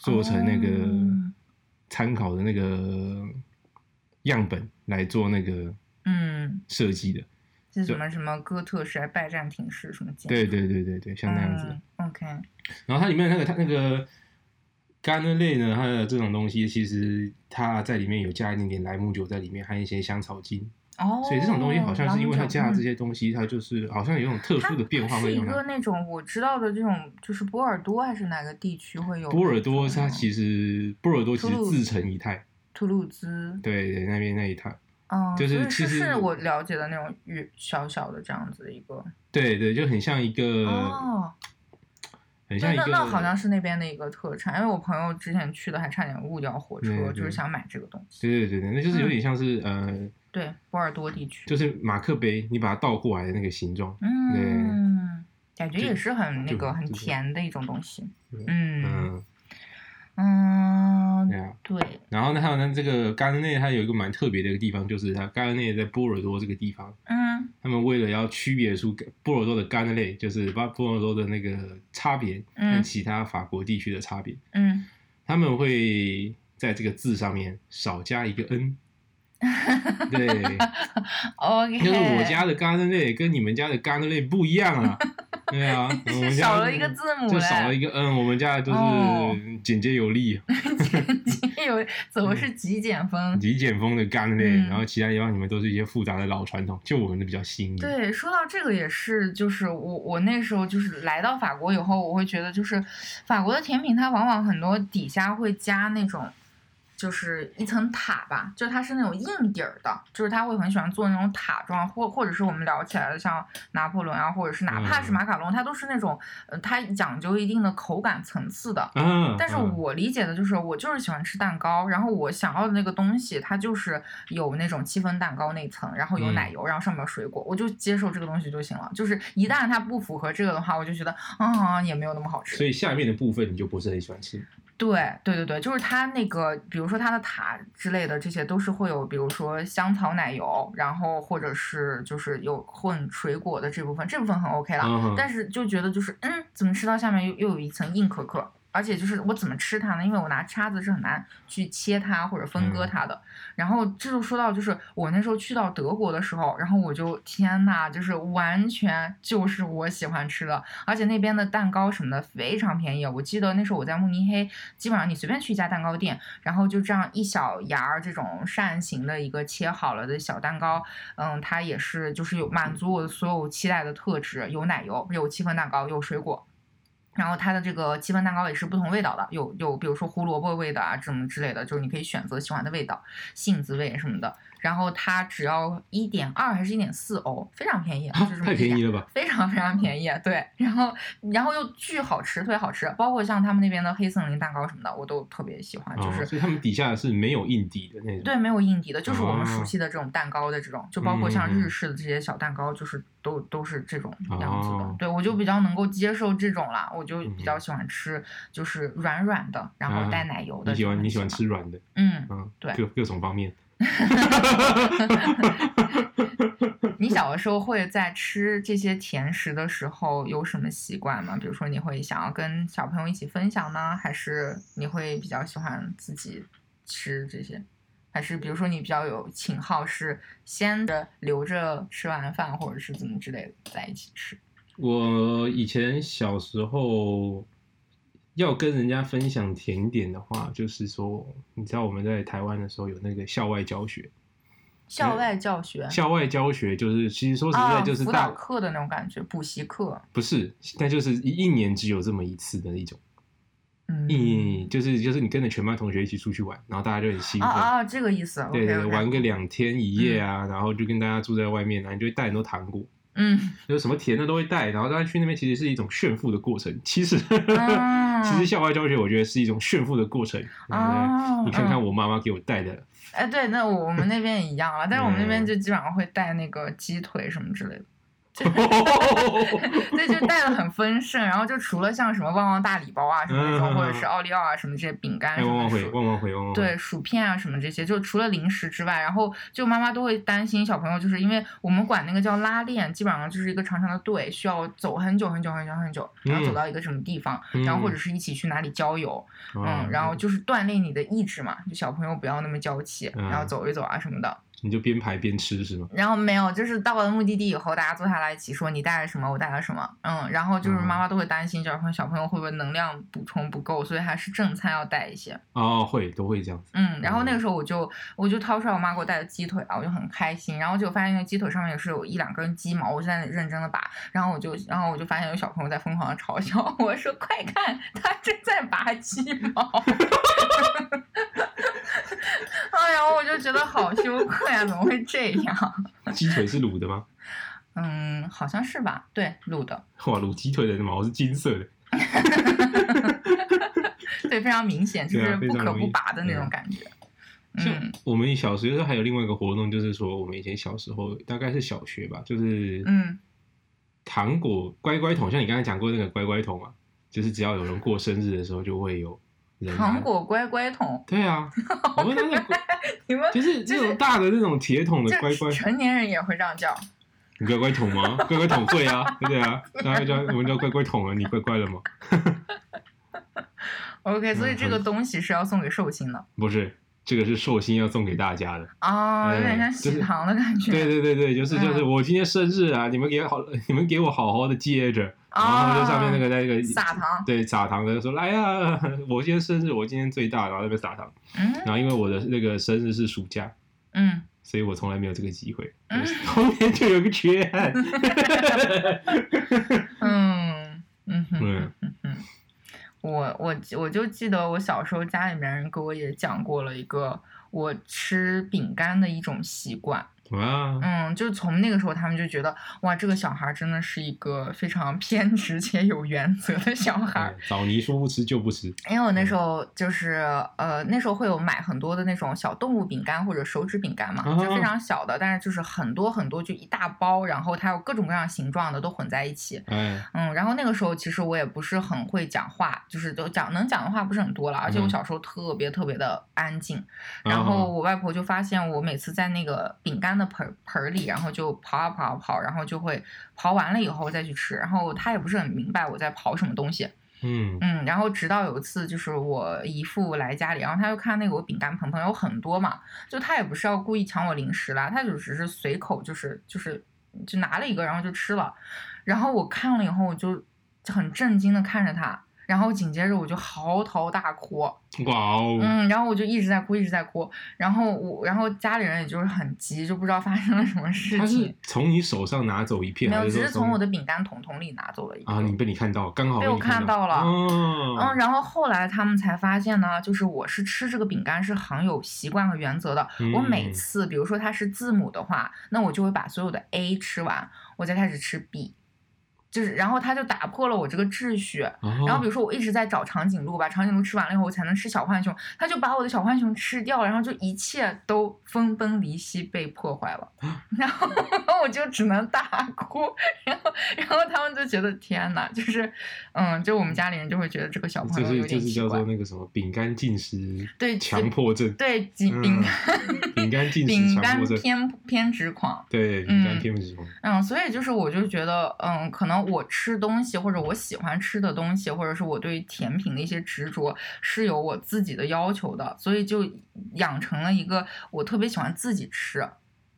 做成那個參考的那個樣本來做那個嗯設計的。嗯是什麼什麼哥特式還是拜占庭式什麼？對對對對對，像那樣子、嗯。OK。然後它裡面那個它那個乾的類呢，它的這種東西，其實它在裡面有加一點點萊姆酒在裡面，還有一些香草精。哦。所以這種東西好像是因為它加了這些東西，哦、它就是好像有種特殊的變化。會有一個那種我知道的這種，就是波爾多還是哪個地區會有？波爾多它其實波爾多其實自成一派。土魯茲。對對，那邊那一派。哦，就是、就是、就是我了解的那種，小小的這樣子的一個，對對，就很像一個，哦、很像一個，那好像是那邊的一個特產，因為我朋友之前去的還差點誤掉火車、嗯，就是想買這個東西。對對對對，那就是有點像是、嗯、呃對，對，波爾多地區，就是馬克杯，你把它倒過來的那個形狀，對嗯對，感覺也是很那個很甜的一種東西，嗯。嗯嗯，對，對、啊、然後呢，還有呢，這個干類，它有一個蠻特別的一個地方，就是它干類在波爾多這個地方，嗯，他們為了要區別出波爾多的干類，就是把波爾多的那個差別，跟其他法國地區的差別，嗯，他們會在這個字上面少加一個 n，、嗯、對 ，OK，就是我家的干類跟你們家的干類不一樣啊。對啊， 少了一個字母就少了一個 n、嗯。我們家都是簡潔有力，簡潔有怎麼是極簡風？極簡風的幹練、嗯，然後其他地方你們都是一些複雜的老傳統，就我們的比較新穎。對，說到這個也是，就是我我那時候就是來到法國以後，我會覺得就是法國的甜品，它往往很多底下會加那種。就是一層塔吧，就是它是那種硬底兒的，就是它會很喜歡做那種塔狀，或或者是我們聊起來的像拿破崙啊，或者是哪怕是馬卡龍、嗯，它都是那種，呃，它講究一定的口感層次的。嗯，但是我理解的就是、嗯、我就是喜歡吃蛋糕，然後我想要的那個東西，它就是有那種戚風蛋糕那層，然後有奶油，然後上面有水果、嗯，我就接受這個東西就行了。就是一旦它不符合這個的話，我就覺得，嗯，嗯嗯嗯也沒有那麼好吃。所以下面的部分你就不是很喜歡吃。對，對對對，就是它那個，比如說它的塔之類的，這些都是會有，比如說香草奶油，然後或者是就是有混水果的這部分，這部分很 OK 了，但是就覺得就是，嗯，怎麼吃到下面又又有一層硬殼殼？而且就是我怎麼吃它呢？因為我拿叉子是很難去切它或者分割它的。嗯、然後這就說到就是我那時候去到德國的時候，然後我就天吶，就是完全就是我喜歡吃的。而且那邊的蛋糕什麼的非常便宜。我記得那時候我在慕尼黑，基本上你隨便去一家蛋糕店，然後就這樣一小牙兒這種扇形的一個切好了的小蛋糕，嗯，它也是就是有滿足我的所有期待的特質，有奶油，有戚風蛋糕，有水果。然後它的這個戚風蛋糕也是不同味道的，有有比如說胡蘿蔔味的啊，什麼之類的，就是你可以選擇喜歡的味道，杏子味什麼的。然後它只要一點二還是一點四歐，非常便宜就，太便宜了吧？非常非常便宜，對。然後然後又巨好吃，特別好吃，包括像他們那邊的黑森林蛋糕什麼的，我都特別喜歡。就是、哦、所以他們底下是沒有硬底的那種，對，沒有硬底的，就是我們熟悉的這種蛋糕的這種，哦、就包括像日式的這些小蛋糕，就是都、嗯、都是這種這樣子的。哦、對我就比較能夠接受這種啦，我就比較喜歡吃，就是軟軟的，然後帶奶油的、啊。你喜歡你喜歡吃軟的，嗯嗯，對，各各種方面。哈， 你小的時候會在吃這些甜食的時候有什麼習慣嗎？比如說你會想要跟小朋友一起分享呢，還是你會比較喜歡自己吃這些？還是比如說你比較有情好，是先着留着吃完飯或者是怎麼之類的在一起吃？我以前小時候。要跟人家分享甜點的話，就是說，你知道我們在台灣的時候有那個校外教學。校外教學，嗯、校外教學就是，其實說實在就是大、啊、課的那種感覺，補習課。不是，但就是一，一年只有這麼一次的那種。嗯。嗯就是就是你跟着全班同學一起出去玩，然後大家就很興奮啊，啊，這個意思。對對，玩個兩天一夜啊，嗯、然後就跟大家住在外面然、啊、後你就帶很多糖果。嗯，有什麼甜的都會帶，然後當然去那邊其實是一種炫富的過程。其實、啊呵呵，其實校外教學我覺得是一種炫富的過程。啊你看啊、你看看我媽媽給我帶的，哎、啊，對，那我們那邊也一樣啊。 但是我們那邊就基本上會帶那個雞腿什麼之類的。 對，就帶的很豐盛，然後就除了像什麼旺旺大禮包啊什麼那種、嗯，或者是奧利奧啊什麼這些餅乾什麼薯，旺旺火，對，薯片啊什麼這些，就除了零食之外，然後就媽媽都會擔心小朋友，就是因為我們管那個叫拉練，基本上就是一個長長的隊，需要走很久很久很久很久，然後走到一個什麼地方，嗯、然後或者是一起去哪裡郊遊嗯嗯，嗯，然後就是鍛鍊你的意志嘛，就小朋友不要那麼嬌氣，然後走一走啊什麼的。嗯你就邊排邊吃是嗎？然後沒有，就是到了目的地以後，大家坐下來一起說你帶了什麼，我帶了什麼，嗯，然後就是媽媽都會擔心，就是說小朋友會不會能量補充不夠，所以還是正餐要帶一些。哦，會，都會這樣。嗯，然後那個時候我就我就掏出來我媽給我帶的雞腿啊，我就很開心，然後就發現那個雞腿上面也是有一兩根雞毛，我就在那裡認真的拔，然後我就然後我就發現有小朋友在瘋狂的嘲笑，我說快看，他正在拔雞毛。 哎呀，我就覺得好羞愧啊、 哎！怎麼會這樣？雞腿是滷的嗎？嗯，好像是吧。對，滷的。哇，滷雞腿的毛是金色的。 對，非常明顯，就是不可不拔的那種感覺。啊啊、嗯就，我們小時候還有另外一個活動，就是說我們以前小時候大概是小學吧，就是嗯，糖果乖乖桶。像你剛才講過那個乖乖桶啊，就是只要有人過生日的時候就會有。啊、糖果乖乖桶，對啊，你 們你們就是這、就是、種大的這種鐵桶的乖乖，成年人也會這樣叫乖乖桶嗎？ 乖乖桶會啊，對啊，那叫我們叫乖乖桶啊，你乖乖了嗎 ？OK，所以這個東西是要送給壽星的， 不是這個是壽星要送給大家的啊、哦哎，有點像喜糖的感覺。就是、對對對對、哎，就是就是我今天生日啊、哎，你們給好，你們給我好好的接着。然後就上面那個、那個哦、在那個撒糖，對，撒糖的說：“來呀，我今天生日，我今天最大。”然後那邊撒糖，嗯，然後因為我的那個生日是暑假，嗯，所以我從來沒有這個機會，嗯。後面就有個缺憾。嗯 嗯， 嗯 嗯，我我就我就記得我小時候家裡面人給我也講過了一個我吃餅乾的一種習慣。啊，嗯，就是從那個時候，他們就覺得哇，這個小孩真的是一個非常偏執且有原則的小孩。棗泥說不吃就不吃。因為我那時候就是、嗯、呃，那時候會有買很多的那種小動物餅乾或者手指餅乾嘛，就非常小的，哦、但是就是很多很多就一大包，然後它有各種各樣形狀的都混在一起。嗯、哎、嗯，然後那個時候其實我也不是很會講話，就是都講能講的話不是很多了，而且我小時候特別特別的安靜。嗯、然後我外婆就發現我每次在那個餅乾的。盆盆裡，然後就刨啊刨啊刨，然後就會刨完了以後再去吃。然後他也不是很明白我在刨什麼東西。嗯嗯，然後直到有一次，就是我姨父來家裡，然後他就看那個我餅乾盆盆有很多嘛，就他也不是要故意搶我零食啦，他就只是隨口就是就是就拿了一個，然後就吃了。然後我看了以後，我就很震驚的看着他。然後緊接着我就嚎啕大哭，哇、wow、哦！嗯，然後我就一直在哭，一直在哭。然後我，然後家裡人也就是很急，就不知道發生了什麼事情。他是從你手上拿走一片，沒有，只是從我的餅乾桶桶裡拿走了一片。啊，你被你看到，剛好被你看，被我看到了。嗯、哦，然後後來他們才發現呢，就是我是吃這個餅乾是很有習慣和原則的、嗯。我每次，比如說它是字母的話，那我就會把所有的 A 吃完，我再開始吃 B。就是，然後他就打破了我這個秩序。哦、然後比如說我一直在找長頸鹿，把長頸鹿吃完了以後，我才能吃小浣熊。他就把我的小浣熊吃掉，然後就一切都分崩離析，被破壞了、哦。然後我就只能大哭。然後，然後他們就覺得天哪，就是，嗯，就我們家裡人就會覺得這個小朋友有點奇怪。就是就是叫做那個什麼餅乾進食對強迫症對，對餅乾、嗯、餅乾進食強迫症 餅乾偏偏執狂對餅乾偏執狂嗯，嗯，所以就是我就覺得嗯，可能。我吃東西，或者我喜歡吃的東西，或者是我對甜品的一些執着，是有我自己的要求的，所以就養成了一個我特別喜歡自己吃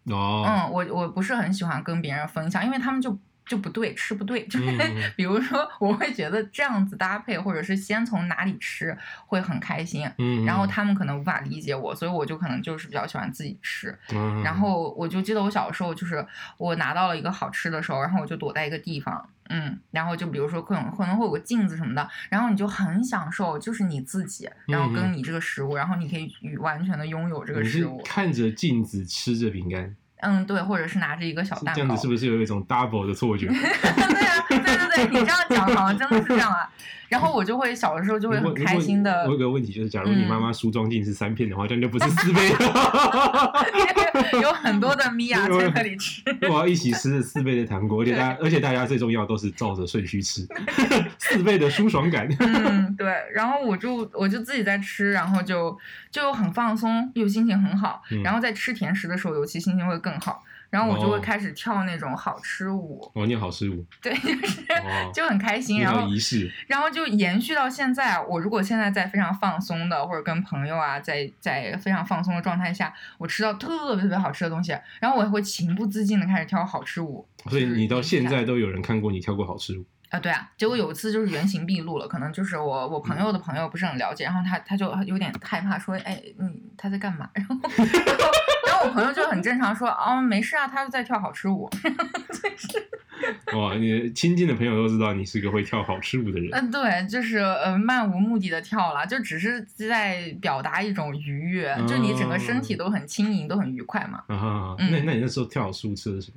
嗯。哦。嗯，我我不是很喜歡跟別人分享，因為他們就。就不對，吃不對，就、嗯、是 比如說，我會覺得這樣子搭配，或者是先從哪裡吃會很開心。嗯，然後他們可能無法理解我，所以我就可能就是比較喜歡自己吃。嗯，然後我就記得我小時候，就是我拿到了一個好吃的時候，然後我就躲在一個地方，嗯，然後就比如說可能可能會有個鏡子什麼的，然後你就很享受，就是你自己，然後跟你這個食物、嗯，然後你可以完全的擁有這個食物。是看着鏡子吃着餅乾。嗯，對，或者是拿着一個小蛋糕，這樣子是不是有一種 double 的錯覺？ 對啊，對對對， 你這樣講好像真的是這樣啊。然後我就會，小的時候就會很開心的。我有個問題就是，假如你媽媽梳妝鏡是三片的話、嗯，這樣就不是四倍。 有很多的 Mia 在那裡吃。我要一起吃四倍的糖果，而且大家而且大家最重要都是照着順序吃， 四倍的舒爽感。 嗯，對，然後我就我就自己在吃，然後就就很放鬆，又心情很好、嗯。然後在吃甜食的時候，尤其心情會更好。然後我就會開始跳那種好吃舞。哦，你好吃舞。對、哦，就是、哦、就很開心，儀式然後然後就延續到現在。我如果現在在非常放鬆的，或者跟朋友啊，在在非常放鬆的狀態下，我吃到特別，特別特別好吃的東西，然後我會情不自禁的開始跳好吃舞，就是。所以你到現在都有人看過你跳過好吃舞啊、呃？對啊，結果有一次就是原形畢露了，可能就是我我朋友的朋友不是很了解，嗯、然後他他就有點害怕說，說哎你、嗯、他在幹嘛？然後。 朋友就很正常說啊、哦，沒事啊，他就在跳好吃舞。 就是、哇，你親近的朋友都知道你是個會跳好吃舞的人。嗯、呃，對，就是呃，漫無目的的跳了，就只是在表達一種愉悅，呃、就你整個身體都很輕盈，呃、都很愉快嘛。啊哈哈嗯、那那你那時候跳好吃舞吃了什麼？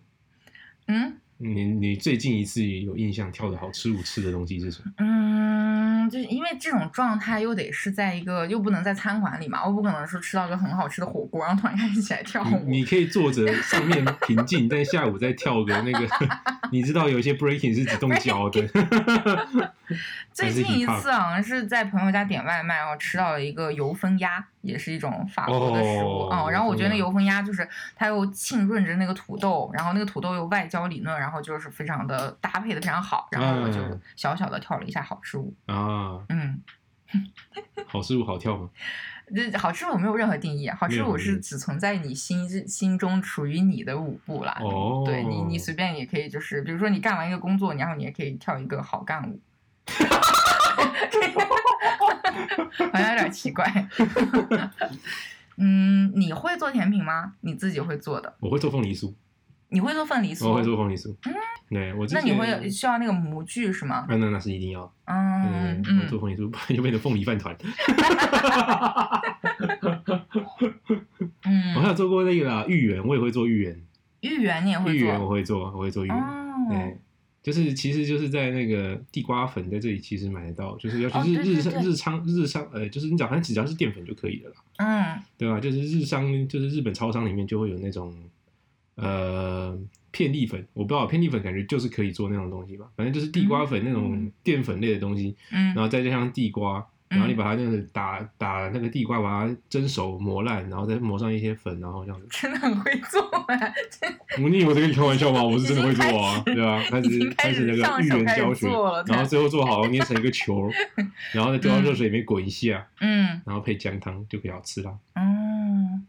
嗯。你你最近一次有印象跳的好吃舞吃的東西是什麼？嗯，就是因為這種狀態又得是在一個，又不能在餐館裡嘛，我不可能說吃到個很好吃的火鍋，然後突然開始起來跳舞。你，你可以坐着上面平靜， 但下午再跳個那個， 你知道有一些 breaking 是只動腳的。 最近一次好，啊、像是在朋友家點外賣，啊，然後吃到了一個油封鴨，也是一種法國的食物啊、oh, 嗯。然後我覺得那油封鴨就是它又浸潤着那個土豆，然後那個土豆又外焦裡嫩，然後就是非常的搭配的非常好。然後我就小小的跳了一下好吃舞啊，uh, 嗯，好吃舞好跳嗎？這 好吃舞沒有任何定義，好吃舞是只存在你心心中屬於你的舞步啦。哦，oh.，對你你隨便也可以，就是比如說你幹完一個工作，然後你也可以跳一個好幹舞。好 像有點奇怪。 嗯，你會做甜品嗎？你自己會做的？我會做鳳梨酥。你會做鳳梨酥？我會做鳳梨酥。嗯，對我，那你會需要那個模具是嗎？啊，那那是一定要。嗯，嗯，我會做鳳梨酥不為變鳳梨飯糰。嗯 我還有做過那個芋圓，我也會做芋圓。芋圓你也會做？芋圓我會做，我會做芋圓。嗯、哦。就是其實就是在那個地瓜粉，在這裡其實買得到，就是要求是日日日商日商、哦、對對對日商、日商呃，就是你只要只要是澱粉就可以了啦嗯，對吧？就是日商就是日本超商裡面就會有那種呃片栗粉，我不知道片栗粉感覺就是可以做那種東西吧，反正就是地瓜粉那種澱粉類的東西，嗯，然後再加上地瓜。然後你把它那個打打那個地瓜，把它蒸熟磨爛，然後再磨上一些粉，然後這樣子。真的很會做我，啊、你以為我在跟你開玩笑嗎？我是真的會做啊，對吧，啊？開始開始那個芋圓教學，然後最後做好捏成一個球， 然後再丟到熱水裡面滾一下，嗯，然後配薑湯就可以好吃了。嗯。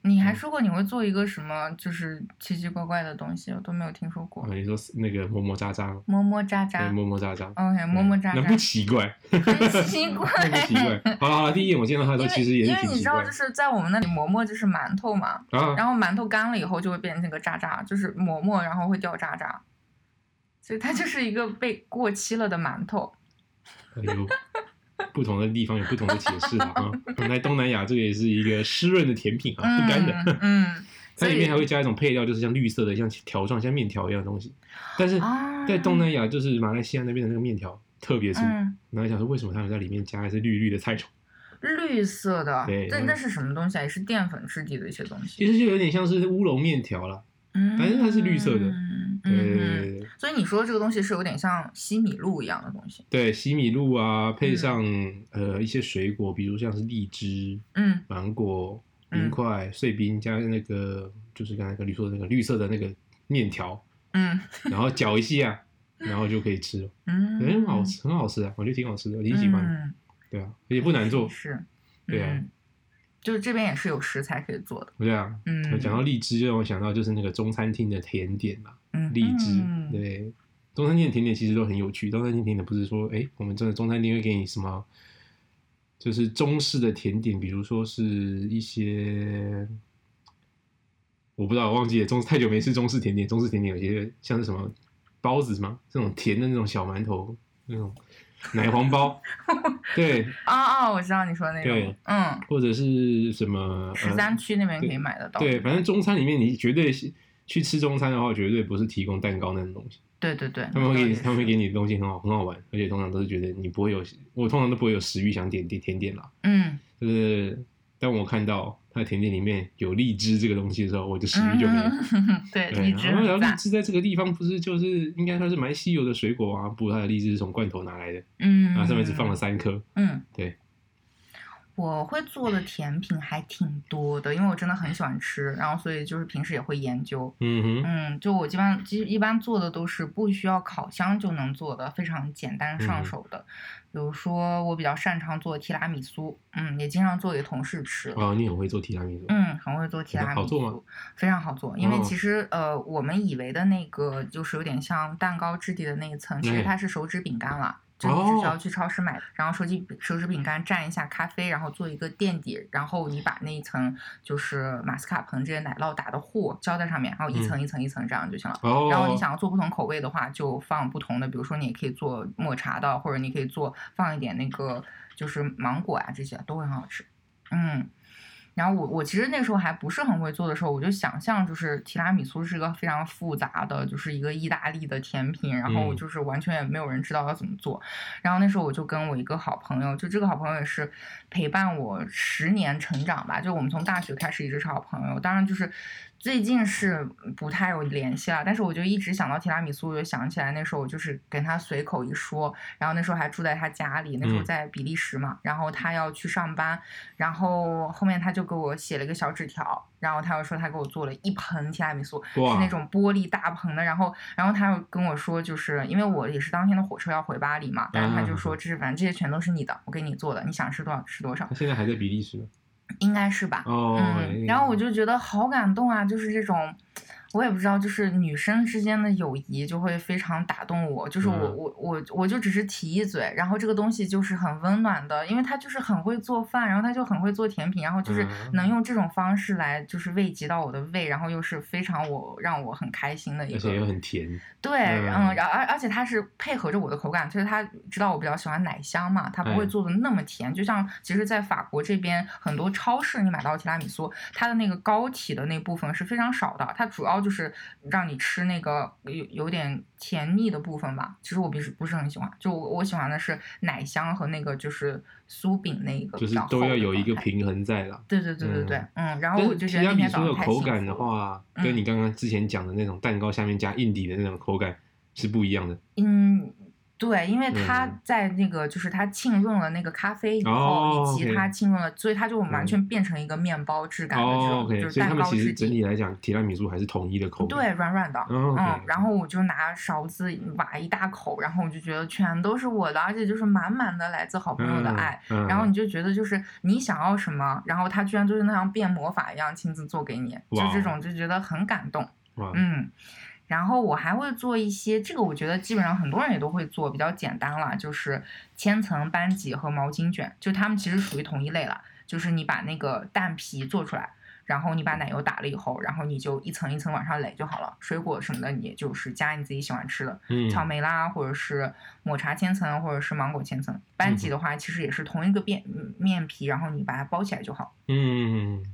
你還說過你會做一個什麼，就是奇奇怪怪的東西，我都沒有聽說過。嗯、你說那個饃饃渣渣？饃饃渣渣？對，饃饃渣渣。OK，饃饃渣渣。那不奇怪，很奇怪， 奇怪，了好好好，第一眼我見到他的時候，其實也是奇怪因，因為你知道，就是在我們那裡，饃饃就是饅頭嘛。然後饅頭乾了以後就會變成個渣渣，就是饃饃，然後會掉渣渣。所以它就是一個被過期了的饅頭。哈、哎、哈。 不同的地方有不同的解釋了，本來，在東南亞，這個也是一個濕潤的甜品啊，嗯、不乾的、嗯。它裡面還會加一種配料，就是像綠色的，像條狀，像麵條一樣的東西。但是在東南亞，就是馬來西亞那邊的那個麵條、啊、特別粗、嗯。然後想說，為什麼他們在裡面加一些綠綠的菜蟲？綠色的，對，但那是什麼東西啊？也是澱粉質地的一些東西，其實就有點像是烏龍麵條了。嗯，反正它是綠色的。嗯，對對對對嗯、嗯、嗯所以你說的這個東西是有點像西米露一樣的東西。對，西米露啊，配上、嗯、呃一些水果，比如像是荔枝、嗯、芒果、冰塊、嗯、碎冰，加那個就是剛才跟你說的那個綠色的那個麵條，嗯，然後攪一下、啊， 然後就可以吃了。嗯，很好吃，很好吃啊，我覺得挺好吃的，我挺喜歡的。嗯、對啊，也不難做。是、嗯。對啊。就是這邊也是有食材可以做的，對啊。嗯，我講到荔枝，就讓我想到就是那個中餐廳的甜點嘛，嗯、荔枝。對，對，中餐廳的甜點其實都很有趣。中餐廳的甜點不是說，哎，我們真的中餐廳會給你什麼？就是中式的甜點，比如說是一些，我不知道，我忘記了，中太久沒吃中式甜點。中式甜點有些像是什麼包子嗎？這種甜的那種小饅頭，那種。 奶黃包，哈哈。對啊啊，我知道你說那個，嗯，或者是什麼？十三區那邊可以買得到。對，反正中餐裡面你絕對是去吃中餐的話，絕對不是提供蛋糕那種東西。對對對，他們會給你，他們給你的東西很好，很好玩，而且通常都是覺得你不會有，我通常都不會有食欲想點點甜點啦。嗯，就是當我看到。它的甜點裡面有荔枝這個東西的時候，我的食欲就沒了。嗯。對，對，然後然後荔枝在這個地方不是就是應該它是蠻稀有的水果啊，不過它的荔枝是從罐頭拿來的，嗯，然後上面只放了三顆，嗯，對。我會做的甜品還挺多的，因為我真的很喜歡吃，然後所以就是平時也會研究。嗯嗯，就我基本上其實一般做的都是不需要烤箱就能做的，非常簡單上手的。嗯、比如說，我比較擅長做提拉米蘇，嗯，也經常做給同事吃。啊、哦，你很會做提拉米蘇。嗯，很會做提拉米蘇。好做嗎？非常好做，因為其實、哦、呃，我們以為的那個就是有點像蛋糕質地的那一層，其實它是手指餅乾了。就你只需要去超市買，然後手機、手指餅乾蘸一下咖啡，然後做一個墊底，然後你把那一層就是馬斯卡彭這些奶酪打的糊澆在上面，然後一層一層一層這樣就行了。嗯。然後你想要做不同口味的話，就放不同的，比如說你也可以做抹茶的，或者你可以做放一點那個就是芒果啊，這些都會很好吃。嗯。然後我我其實那時候還不是很會做的時候，我就想象，就是提拉米蘇是一個非常複雜的，就是一個意大利的甜品，然後我就是完全也沒有人知道要怎麼做。嗯。然後那時候我就跟我一個好朋友，就這個好朋友也是陪伴我十年成長吧，就我們從大學開始一直是好朋友，當然就是。最近是不太有聯繫了，但是我就一直想到提拉米蘇，我就想起來那時候我就是跟他隨口一說，然後那時候還住在他家裡，那時候在比利時嘛，然後他要去上班，然後後面他就給我寫了一個小紙條，然後他又說他給我做了一盆提拉米蘇，是那種玻璃大棚的，然後然後他又跟我說，就是因為我也是當天的火車要回巴黎嘛，但是他就說這是反正這些全都是你的，我給你做的，你想吃多少吃多少。他現在還在比利時。應該是吧，oh, 嗯，嗯，然後我就覺得好感動啊，嗯，就是這種。我也不知道，就是女生之間的友誼就會非常打動我，就是我我我我就只是提一嘴，然後這個東西就是很溫暖的，因為他就是很會做飯，然後他就很會做甜品，然後就是能用這種方式來就是慰藉到我的胃，然後又是非常我讓我很開心的一個，而且又很甜，對，嗯，然後而而且他是配合着我的口感，就是他知道我比較喜歡奶香嘛，他不會做的那麼甜，就像其實，在法國這邊很多超市你買到的提拉米蘇，它的那個膏體的那部分是非常少的，它主要。就是讓你吃那個有有點甜膩的部分吧，其實我不是不是很喜歡，就我我喜歡的是奶香和那個就是酥餅那個，就是都要有一個平衡在了。嗯。對對對對對，嗯。然後，就是你說的口感的話，跟你剛剛之前講的那種蛋糕下面加硬底的那種口感是不一樣的。嗯。對，因為它在那個，嗯嗯，就是它浸潤了那個咖啡以後，哦、以及它浸潤了、哦 okay，所以它就完全變成一個麵包、嗯、質感的這種、哦 okay，就是蛋糕質地。他們其實整體來講，提拉 米蘇還是統一的口味。對，軟軟的、哦 okay。嗯，然後我就拿勺子挖一大口，然後我就覺得全都是我的，而且就是滿滿的來自好朋友的愛、嗯嗯。然後你就覺得就是你想要什麼，然後他居然就是那樣變魔法一樣親自做給你，就這種就覺得很感動。嗯。然後我還會做一些這個，我覺得基本上很多人也都會做，比較簡單了，就是千層班戟和毛巾卷，就它們其實屬於同一類了，就是你把那個蛋皮做出來，然後你把奶油打了以後，然後你就一層一層往上壘就好了。水果什麼的，你就是加你自己喜歡吃的，嗯，草莓啦，或者是抹茶千層，或者是芒果千層。班戟的話，其實也是同一個麵麵皮，然後你把它包起來就好。嗯，嗯，嗯，嗯。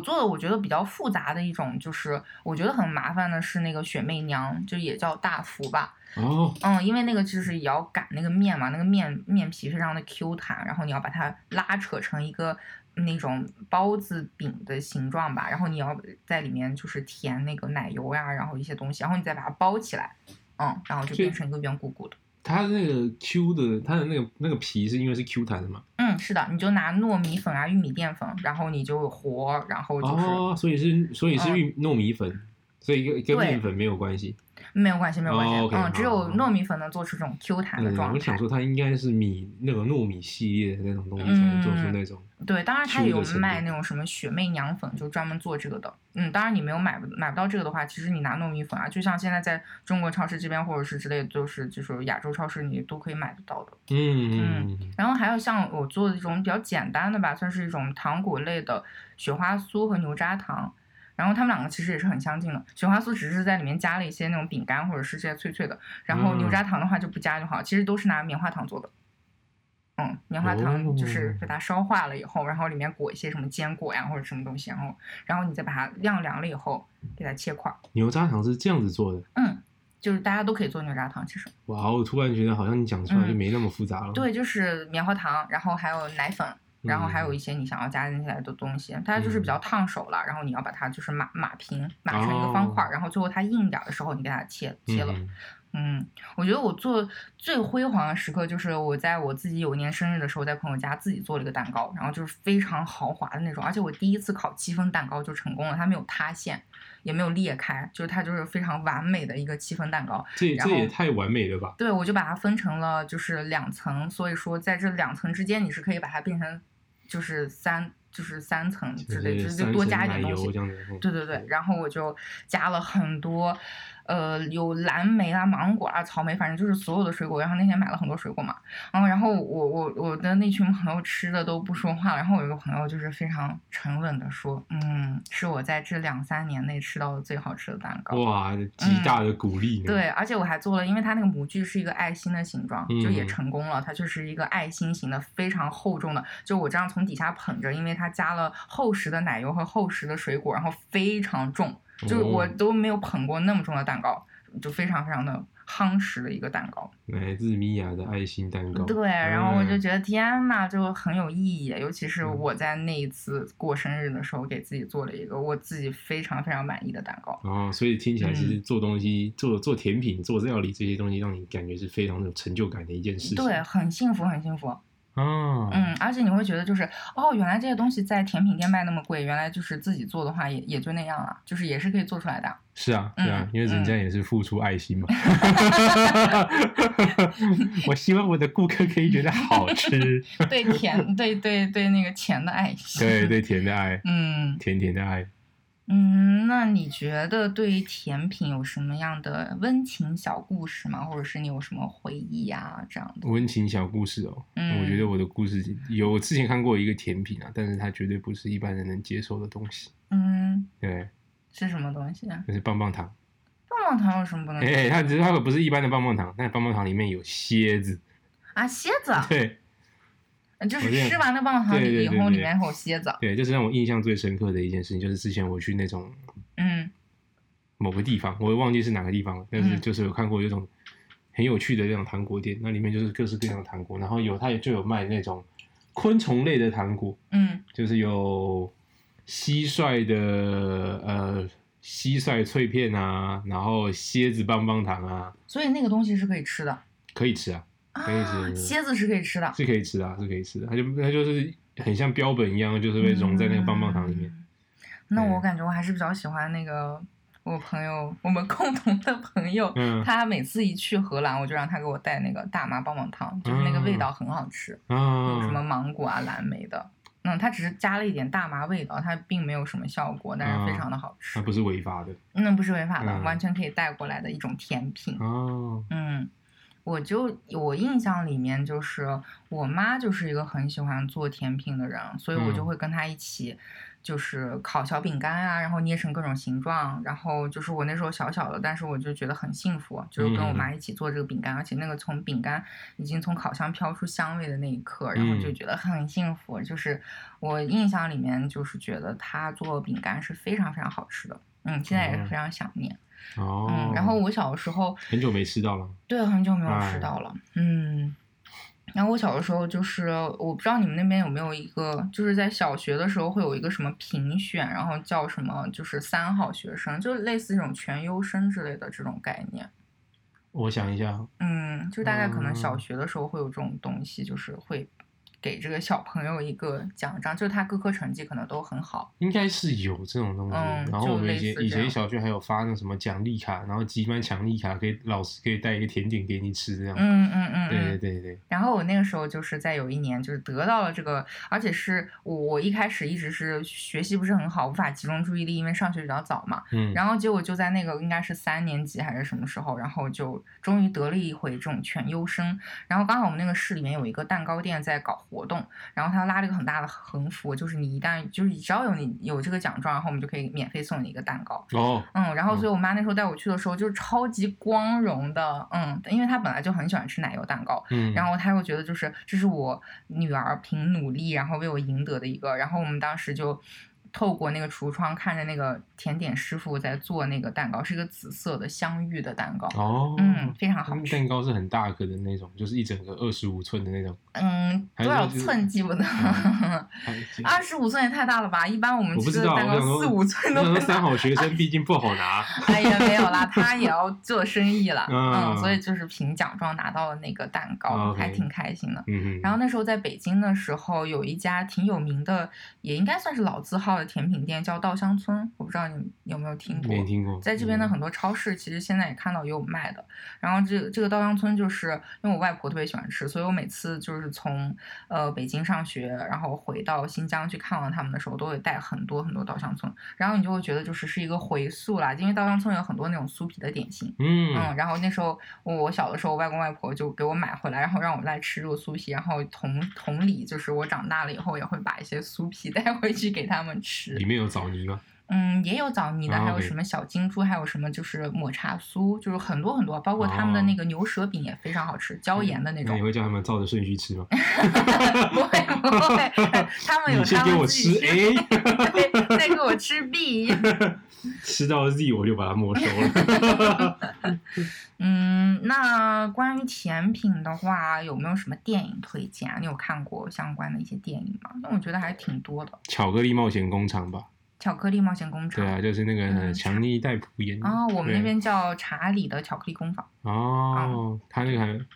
我做的我覺得比較複雜的一種，就是我覺得很麻煩的是那個雪媚娘，就也叫大福吧。哦、oh.，嗯，因為那個就是也要擀那個面嘛，那個面面皮非常的 Q 彈，然後你要把它拉扯成一個那種包子餅的形狀吧，然後你要在裡面就是填那個奶油呀，啊，然後一些東西，然後你再把它包起來，嗯，然後就變成一個圓鼓鼓的。它的那個 Q 的，它的那個那個皮是因為是 Q 彈的嘛？嗯，是的，你就拿糯米粉啊、玉米澱粉，然後你就和，然後就是，哦、所以是所以是玉、嗯、糯米粉，所以跟跟麵粉沒有關係。沒有關係，沒有關係，oh, okay, 嗯，只有糯米粉能做出這種 Q 彈的狀態。嗯，我想說，它應該是米那個糯米系列的那種東西才能做出那種、嗯。對，當然它也有賣那種什麼雪媚孃粉，就專門做這個的。嗯，當然你沒有買不買不到這個的話，其實你拿糯米粉啊，就像現在在中國超市這邊或者是之類的，就是就是亞洲超市你都可以買得到的。嗯嗯。然後還有像我做的這種比較簡單的吧，算是一種糖果類的雪花酥、和牛軋糖。然後他們兩個其實也是很相近的，雪花酥只是在裡面加了一些那種餅乾或者是些脆脆的，然後牛軋糖的話就不加就好、嗯，其實都是拿棉花糖做的。嗯，棉花糖就是給它燒化了以後，哦、然後裡面裹一些什麼堅果呀、啊、或者什麼東西，然後然後你再把它晾涼了以後，給它切塊。牛軋糖是這樣子做的，嗯，就是大家都可以做牛軋糖，其實。哇，我突然覺得好像你講出來就沒那麼複雜了。嗯、對，就是棉花糖，然後還有奶粉。然後還有一些你想要加進來的東西、嗯，它就是比較燙手了，嗯、然後你要把它就是碼碼平，碼成一個方塊、哦，然後最後它硬一點兒的時候，你給它切切了嗯。嗯，我覺得我做最輝煌的時刻就是我在我自己有一年生日的時候，在朋友家自己做了一個蛋糕，然後就是非常豪華的那種，而且我第一次烤戚風蛋糕就成功了，它沒有塌陷，也沒有裂開，就是它就是非常完美的一個戚風蛋糕這。這也太完美了吧？對，我就把它分成了就是兩層，所以說在這兩層之間你是可以把它變成。就是三，就是三層之類的，就多加一點東西。對對對，然後我就加了很多。呃，有藍莓啊，芒果啊，草莓，反正就是所有的水果。然後那天買了很多水果嘛，然後然後我我我的那群朋友吃的都不說話了，然後我有個朋友就是非常沉穩的說，嗯，是我在這兩三年內吃到的最好吃的蛋糕。哇，極大的鼓勵。嗯，對，而且我還做了，因為它那個模具是一個愛心的形狀，就也成功了。它就是一個愛心型的，非常厚重的，就我這樣從底下捧着，因為它加了厚實的奶油和厚實的水果，然後非常重。就我都沒有捧過那麼重的蛋糕，哦，就非常非常的夯實的一個蛋糕。來自米婭的愛心蛋糕。對，哦，然後我就覺得天吶，就很有意義。尤其是我在那一次過生日的時候，給自己做了一個我自己非常非常滿意的蛋糕。哦，所以聽起來其實做東西，嗯，做做甜品、做料理這些東西，讓你感覺是非常有成就感的一件事情。對，很幸福，很幸福。嗯、啊、嗯，而且你會覺得就是哦，原來這些東西在甜品店賣那麼貴，原來就是自己做的話也也就那樣了，就是也是可以做出來的。是啊，對啊、嗯，因為人家也是付出愛心嘛。哈哈哈哈哈哈！ 我希望我的顧客可以覺得好吃， 對甜，對對對，對那個甜的愛，對對甜的愛，嗯，甜甜的愛。嗯，那你覺得對於甜品有什麼樣的溫情小故事嗎？或者是你有什麼回憶啊？這樣的溫情小故事哦。嗯，我覺得我的故事有。我之前看過一個甜品啊，但是它絕對不是一般人能接受的東西。嗯，對，是什麼東西啊？就是棒棒糖。棒棒糖有什麼不能？哎，它只是它可不是一般的棒棒糖，但是棒棒糖裡面有蠍子啊！蠍子？對。就是吃完了棒棒糖以後，裡面還有蠍子。對，就是讓我印象最深刻的一件事情，就是之前我去那種嗯某個地方，我也忘記是哪個地方了，但是就是就是有看過有種很有趣的這種糖果店，那裡面就是各式各樣的糖果，然後有它就有賣那種昆蟲類的糖果，嗯，就是有蟋蟀的呃蟋蟀脆片啊，然後蠍子棒棒糖啊，所以那個東西是可以吃的，可以吃啊。可以吃、啊、蠍子是可以吃的，是可以吃的，是可以吃的。它就它就是很像標本一樣，就是被融在那個棒棒糖裡面、嗯嗯。那我感覺我還是比較喜歡那個我朋友，我們共同的朋友、嗯，他每次一去荷蘭，我就讓他給我帶那個大麻棒棒糖、嗯，就是那個味道很好吃、嗯，有什麼芒果啊、藍莓的。嗯，它只是加了一點大麻味道，它並沒有什麼效果，但是非常的好吃。它不是違法的。那不是違法的、嗯，完全可以帶過來的一種甜品。嗯。嗯我就我印象裡面，就是我媽就是一個很喜歡做甜品的人，所以我就會跟她一起，就是烤小餅乾啊，然後捏成各種形狀，然後就是我那時候小小的，但是我就覺得很幸福，就是跟我媽一起做這個餅乾，而且那個從餅乾已經從烤箱飄出香味的那一刻，然後就覺得很幸福。就是我印象裡面，就是覺得她做餅乾是非常非常好吃的，嗯，現在也是非常想念。哦、嗯，然後我小的時候很久沒吃到了，對，很久沒有吃到了，哎，嗯。然後我小的時候就是，我不知道你們那邊有沒有一個，就是在小學的時候會有一個什麼評選，然後叫什麼，就是三好學生，就類似這種全優生之類的這種概念。我想一下，嗯，就大概可能小學的時候會有這種東西，就是會。給這個小朋友一個獎章，就是他各科成績可能都很好，應該是有這種東西。嗯，就類似。然後我們以前小學還有發那什麼獎勵卡，然後集滿獎勵卡給老師可以帶一個甜點給你吃這樣。嗯嗯嗯，對對對對。然後我那個時候就是在有一年就是得到了這個，而且是我一開始一直是學習不是很好，無法集中注意力，因為上學比較早嘛。嗯。然後結果就在那個應該是三年級還是什麼時候，然後就終於得了一回這種全優生。然後剛好我們那個市裡面有一個蛋糕店在搞活動，然後他拉了一個很大的橫幅，就是你一旦就是只要有你有這個獎狀，然後我們就可以免費送你一個蛋糕。哦、Oh.，嗯，然後所以我媽那時候帶我去的時候，就是超級光榮的，嗯，因為她本來就很喜歡吃奶油蛋糕，嗯，然後她又覺得就是這、就是我女兒憑努力然後為我贏得的一個，然後我們當時就。透過那個櫥窗看着那個甜點師傅在做那個蛋糕，是一個紫色的香芋的蛋糕。哦，嗯，非常好。蛋糕是很大個的那種，就是一整個二十五寸的那種。嗯，多少寸、就是、記不得了。二十五寸也太大了吧？一般我們吃的蛋糕四五寸都沒。不三好學生畢竟不好拿。他、 哎、呀，沒有啦，他也要做生意了。 嗯，所以就是憑獎狀拿到了那個蛋糕、啊，還挺開心的。啊 okay、嗯。然後那時候在北京的時候，有一家挺有名的，也應該算是老字號。甜品店叫稻香村，我不知道你有沒有聽過？聽過。在這邊的很多超市，其實現在也看到有賣的。然後這這個稻香村，就是因為我外婆特別喜歡吃，所以我每次就是從呃北京上學，然後回到新疆去看望他們的時候，都會帶很多很多稻香村。然後你就會覺得就是是一個回溯啦，因為稻香村有很多那種酥皮的點心。嗯，嗯，然後那時候我小的時候，我外公外婆就給我買回來，然後讓我來吃這個酥皮。然後同同理，就是我長大了以後，也會把一些酥皮帶回去給他們吃。是，裡面有棗泥嗎，啊？嗯，也有棗泥的，還有什麼小金珠，啊，還有什麼就是抹茶酥，就是很多很多，包括他們的那個牛舌餅也非常好吃，椒，啊、鹽的那種。嗯，那你會叫他們照着順序吃嗎？不 會 不會，不會 他們有你他們自己先給我吃 A， 再給我吃 B， 吃到 Z 我就把它沒收了。 嗯，那關於甜品的話，有沒有什麼電影推薦啊？你有看過相關的一些電影嗎？那我覺得還挺多的，《巧克力冒險工廠》吧。巧克力冒險工廠。對啊，就是那個很強尼戴普演，嗯、哦，我們那邊叫查理的巧克力工坊。哦，他那個還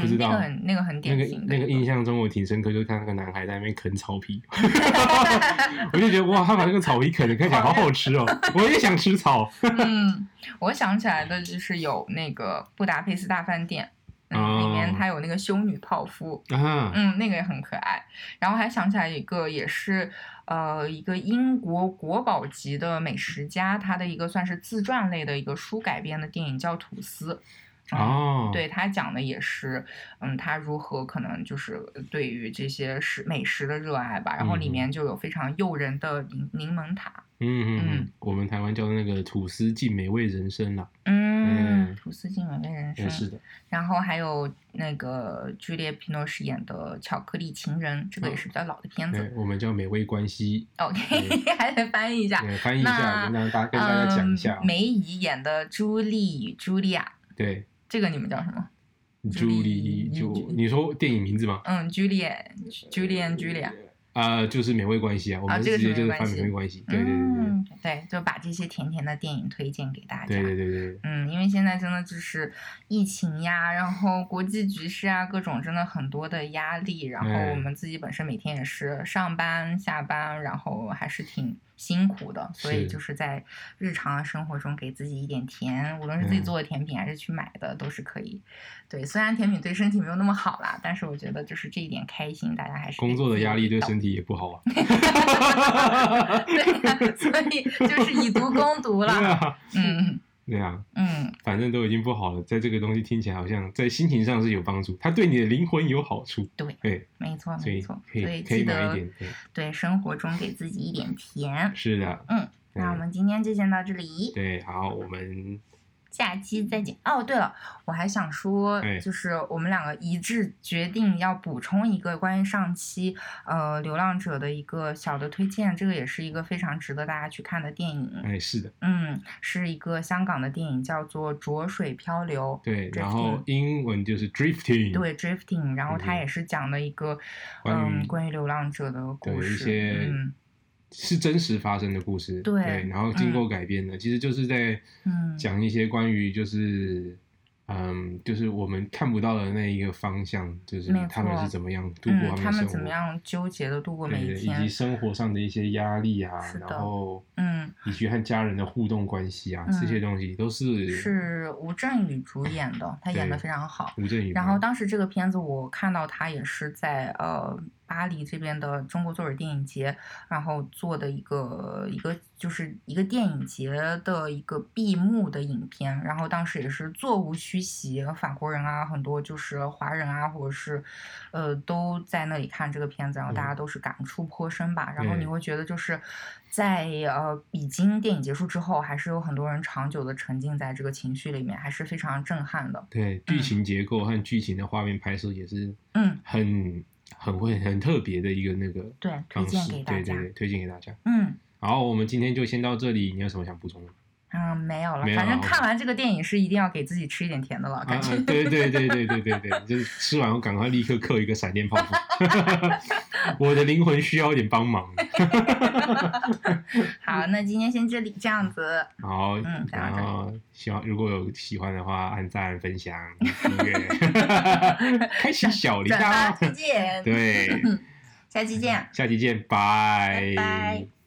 不知道。很，嗯、那個很，那個很典型，那個那個，那個印象中我挺深刻，就是看那個男孩在那邊啃草皮， 我就覺得哇，他把那個草皮啃的看起來好好吃哦， 我也想吃草。 嗯，我想起來的就是有那個布達佩斯大飯店。嗯，裡面它有那個修女泡芙，Oh. Ah. 嗯，那個也很可愛。然後還想起來一個，也是，呃，一個英國國寶級的美食家，他的一個算是自傳類的一個書改編的電影，叫《吐司》。嗯、哦，對他講的也是，嗯，他如何可能就是對於這些食美食的熱愛吧，然後裡面就有非常誘人的檸檸檬塔。嗯嗯，嗯，嗯，我們台灣叫那個吐司敬美味人生啦、啊。嗯，吐司敬美味人生是的。然後還有那個茱莉葉畢諾許演的巧克力情人，這個也是比較老的片子，哦對。我們叫美味關係。OK，還得翻譯一下。嗯、翻譯一下文章，那嗯、跟大家講一下，啊、梅姨演的朱莉與茱莉亞。對。這個你們叫什麼？Julie，Julie，就你說電影名字嗎？嗯，Julie，Julian，Julia 啊，就是美味關係啊，哦，我們之間就是完全沒有關係，對對對對對，就把這些甜甜的電影推薦給大家，對對對對，嗯，因為現在真的就是疫情呀，然後國際局勢啊，各種真的很多的壓力，然後我們自己本身每天也是上班下班，然後還是挺。辛苦的，所以就是在日常生活中給自己一點甜，無論是自己做的甜品還是去買的，嗯，都是可以。對，雖然甜品對身體沒有那麼好啦，但是我覺得就是這一點開心，大家還是工作的壓力對身體也不好 啊。哈哈哈哈哈！對呀，所以就是以毒攻毒了。嗯。嗯對啊，嗯，反正都已經不好了，在這個東西聽起來好像在心情上是有幫助，它對你的靈魂有好處。對，對，沒錯，沒錯，所以，可以，可以買一點對。對，生活中給自己一點甜。是的，嗯，嗯，那我們今天就先到這裡。對，好，我們。下期再見哦！Oh, 對了，我還想說，就是我們兩個一致決定要補充一個關於上期、哎、呃流浪者的一個小的推薦，這個也是一個非常值得大家去看的電影。哎，是的，嗯，是一個香港的電影，叫做《濁水漂流》，對。對，然後英文就是 Drifting。對，Drifting。然後它也是講了一個嗯，嗯關於流浪者的故事，嗯。是真實發生的故事，對，對嗯、然後經過改編的，其實就是在講一些關於就是嗯，嗯，就是我們看不到的那一個方向，就是他們是怎麼樣度過他們生活、嗯、他們怎麼樣糾結的度過每一天，以及生活上的一些壓力啊，然後，嗯，以及和家人的互動關係啊，嗯、這些東西都是是吳鎮宇主演的，他演的非常好。吳鎮宇，然後當時這個片子我看到他也是在呃。巴黎這邊的中國作者電影節，然後做的一個一個就是一個電影節的一個閉幕的影片，然後當時也是座無虛席，法國人啊，很多就是華人啊，或者是呃都在那裡看這個片子，然後大家都是感觸頗深吧。嗯、然後你會覺得就是在呃已經電影結束之後，還是有很多人長久的沉浸在這個情緒裡面，還是非常震撼的。對、嗯、劇情結構和劇情的畫面拍攝也是嗯很。嗯很會很特別的一個那個方式，對，推薦給大家，對對對，推薦給大家。嗯，好，我們今天就先到這裡，你有什麼想補充的？嗯，沒有了。反正看完這個電影是一定要給自己吃一點甜的了，啊、感覺、啊。對對對對對對對， 就是吃完我趕快立刻扣一個閃電泡芙。 我的靈魂需要一點幫忙。 好，那今天先這裡這樣子。好，嗯，然後希望如果有喜歡的話，按讚、分享、訂閱， 開啟小鈴鐺，再 見。推薦。對， 下期見。 下期見，拜拜。Bye bye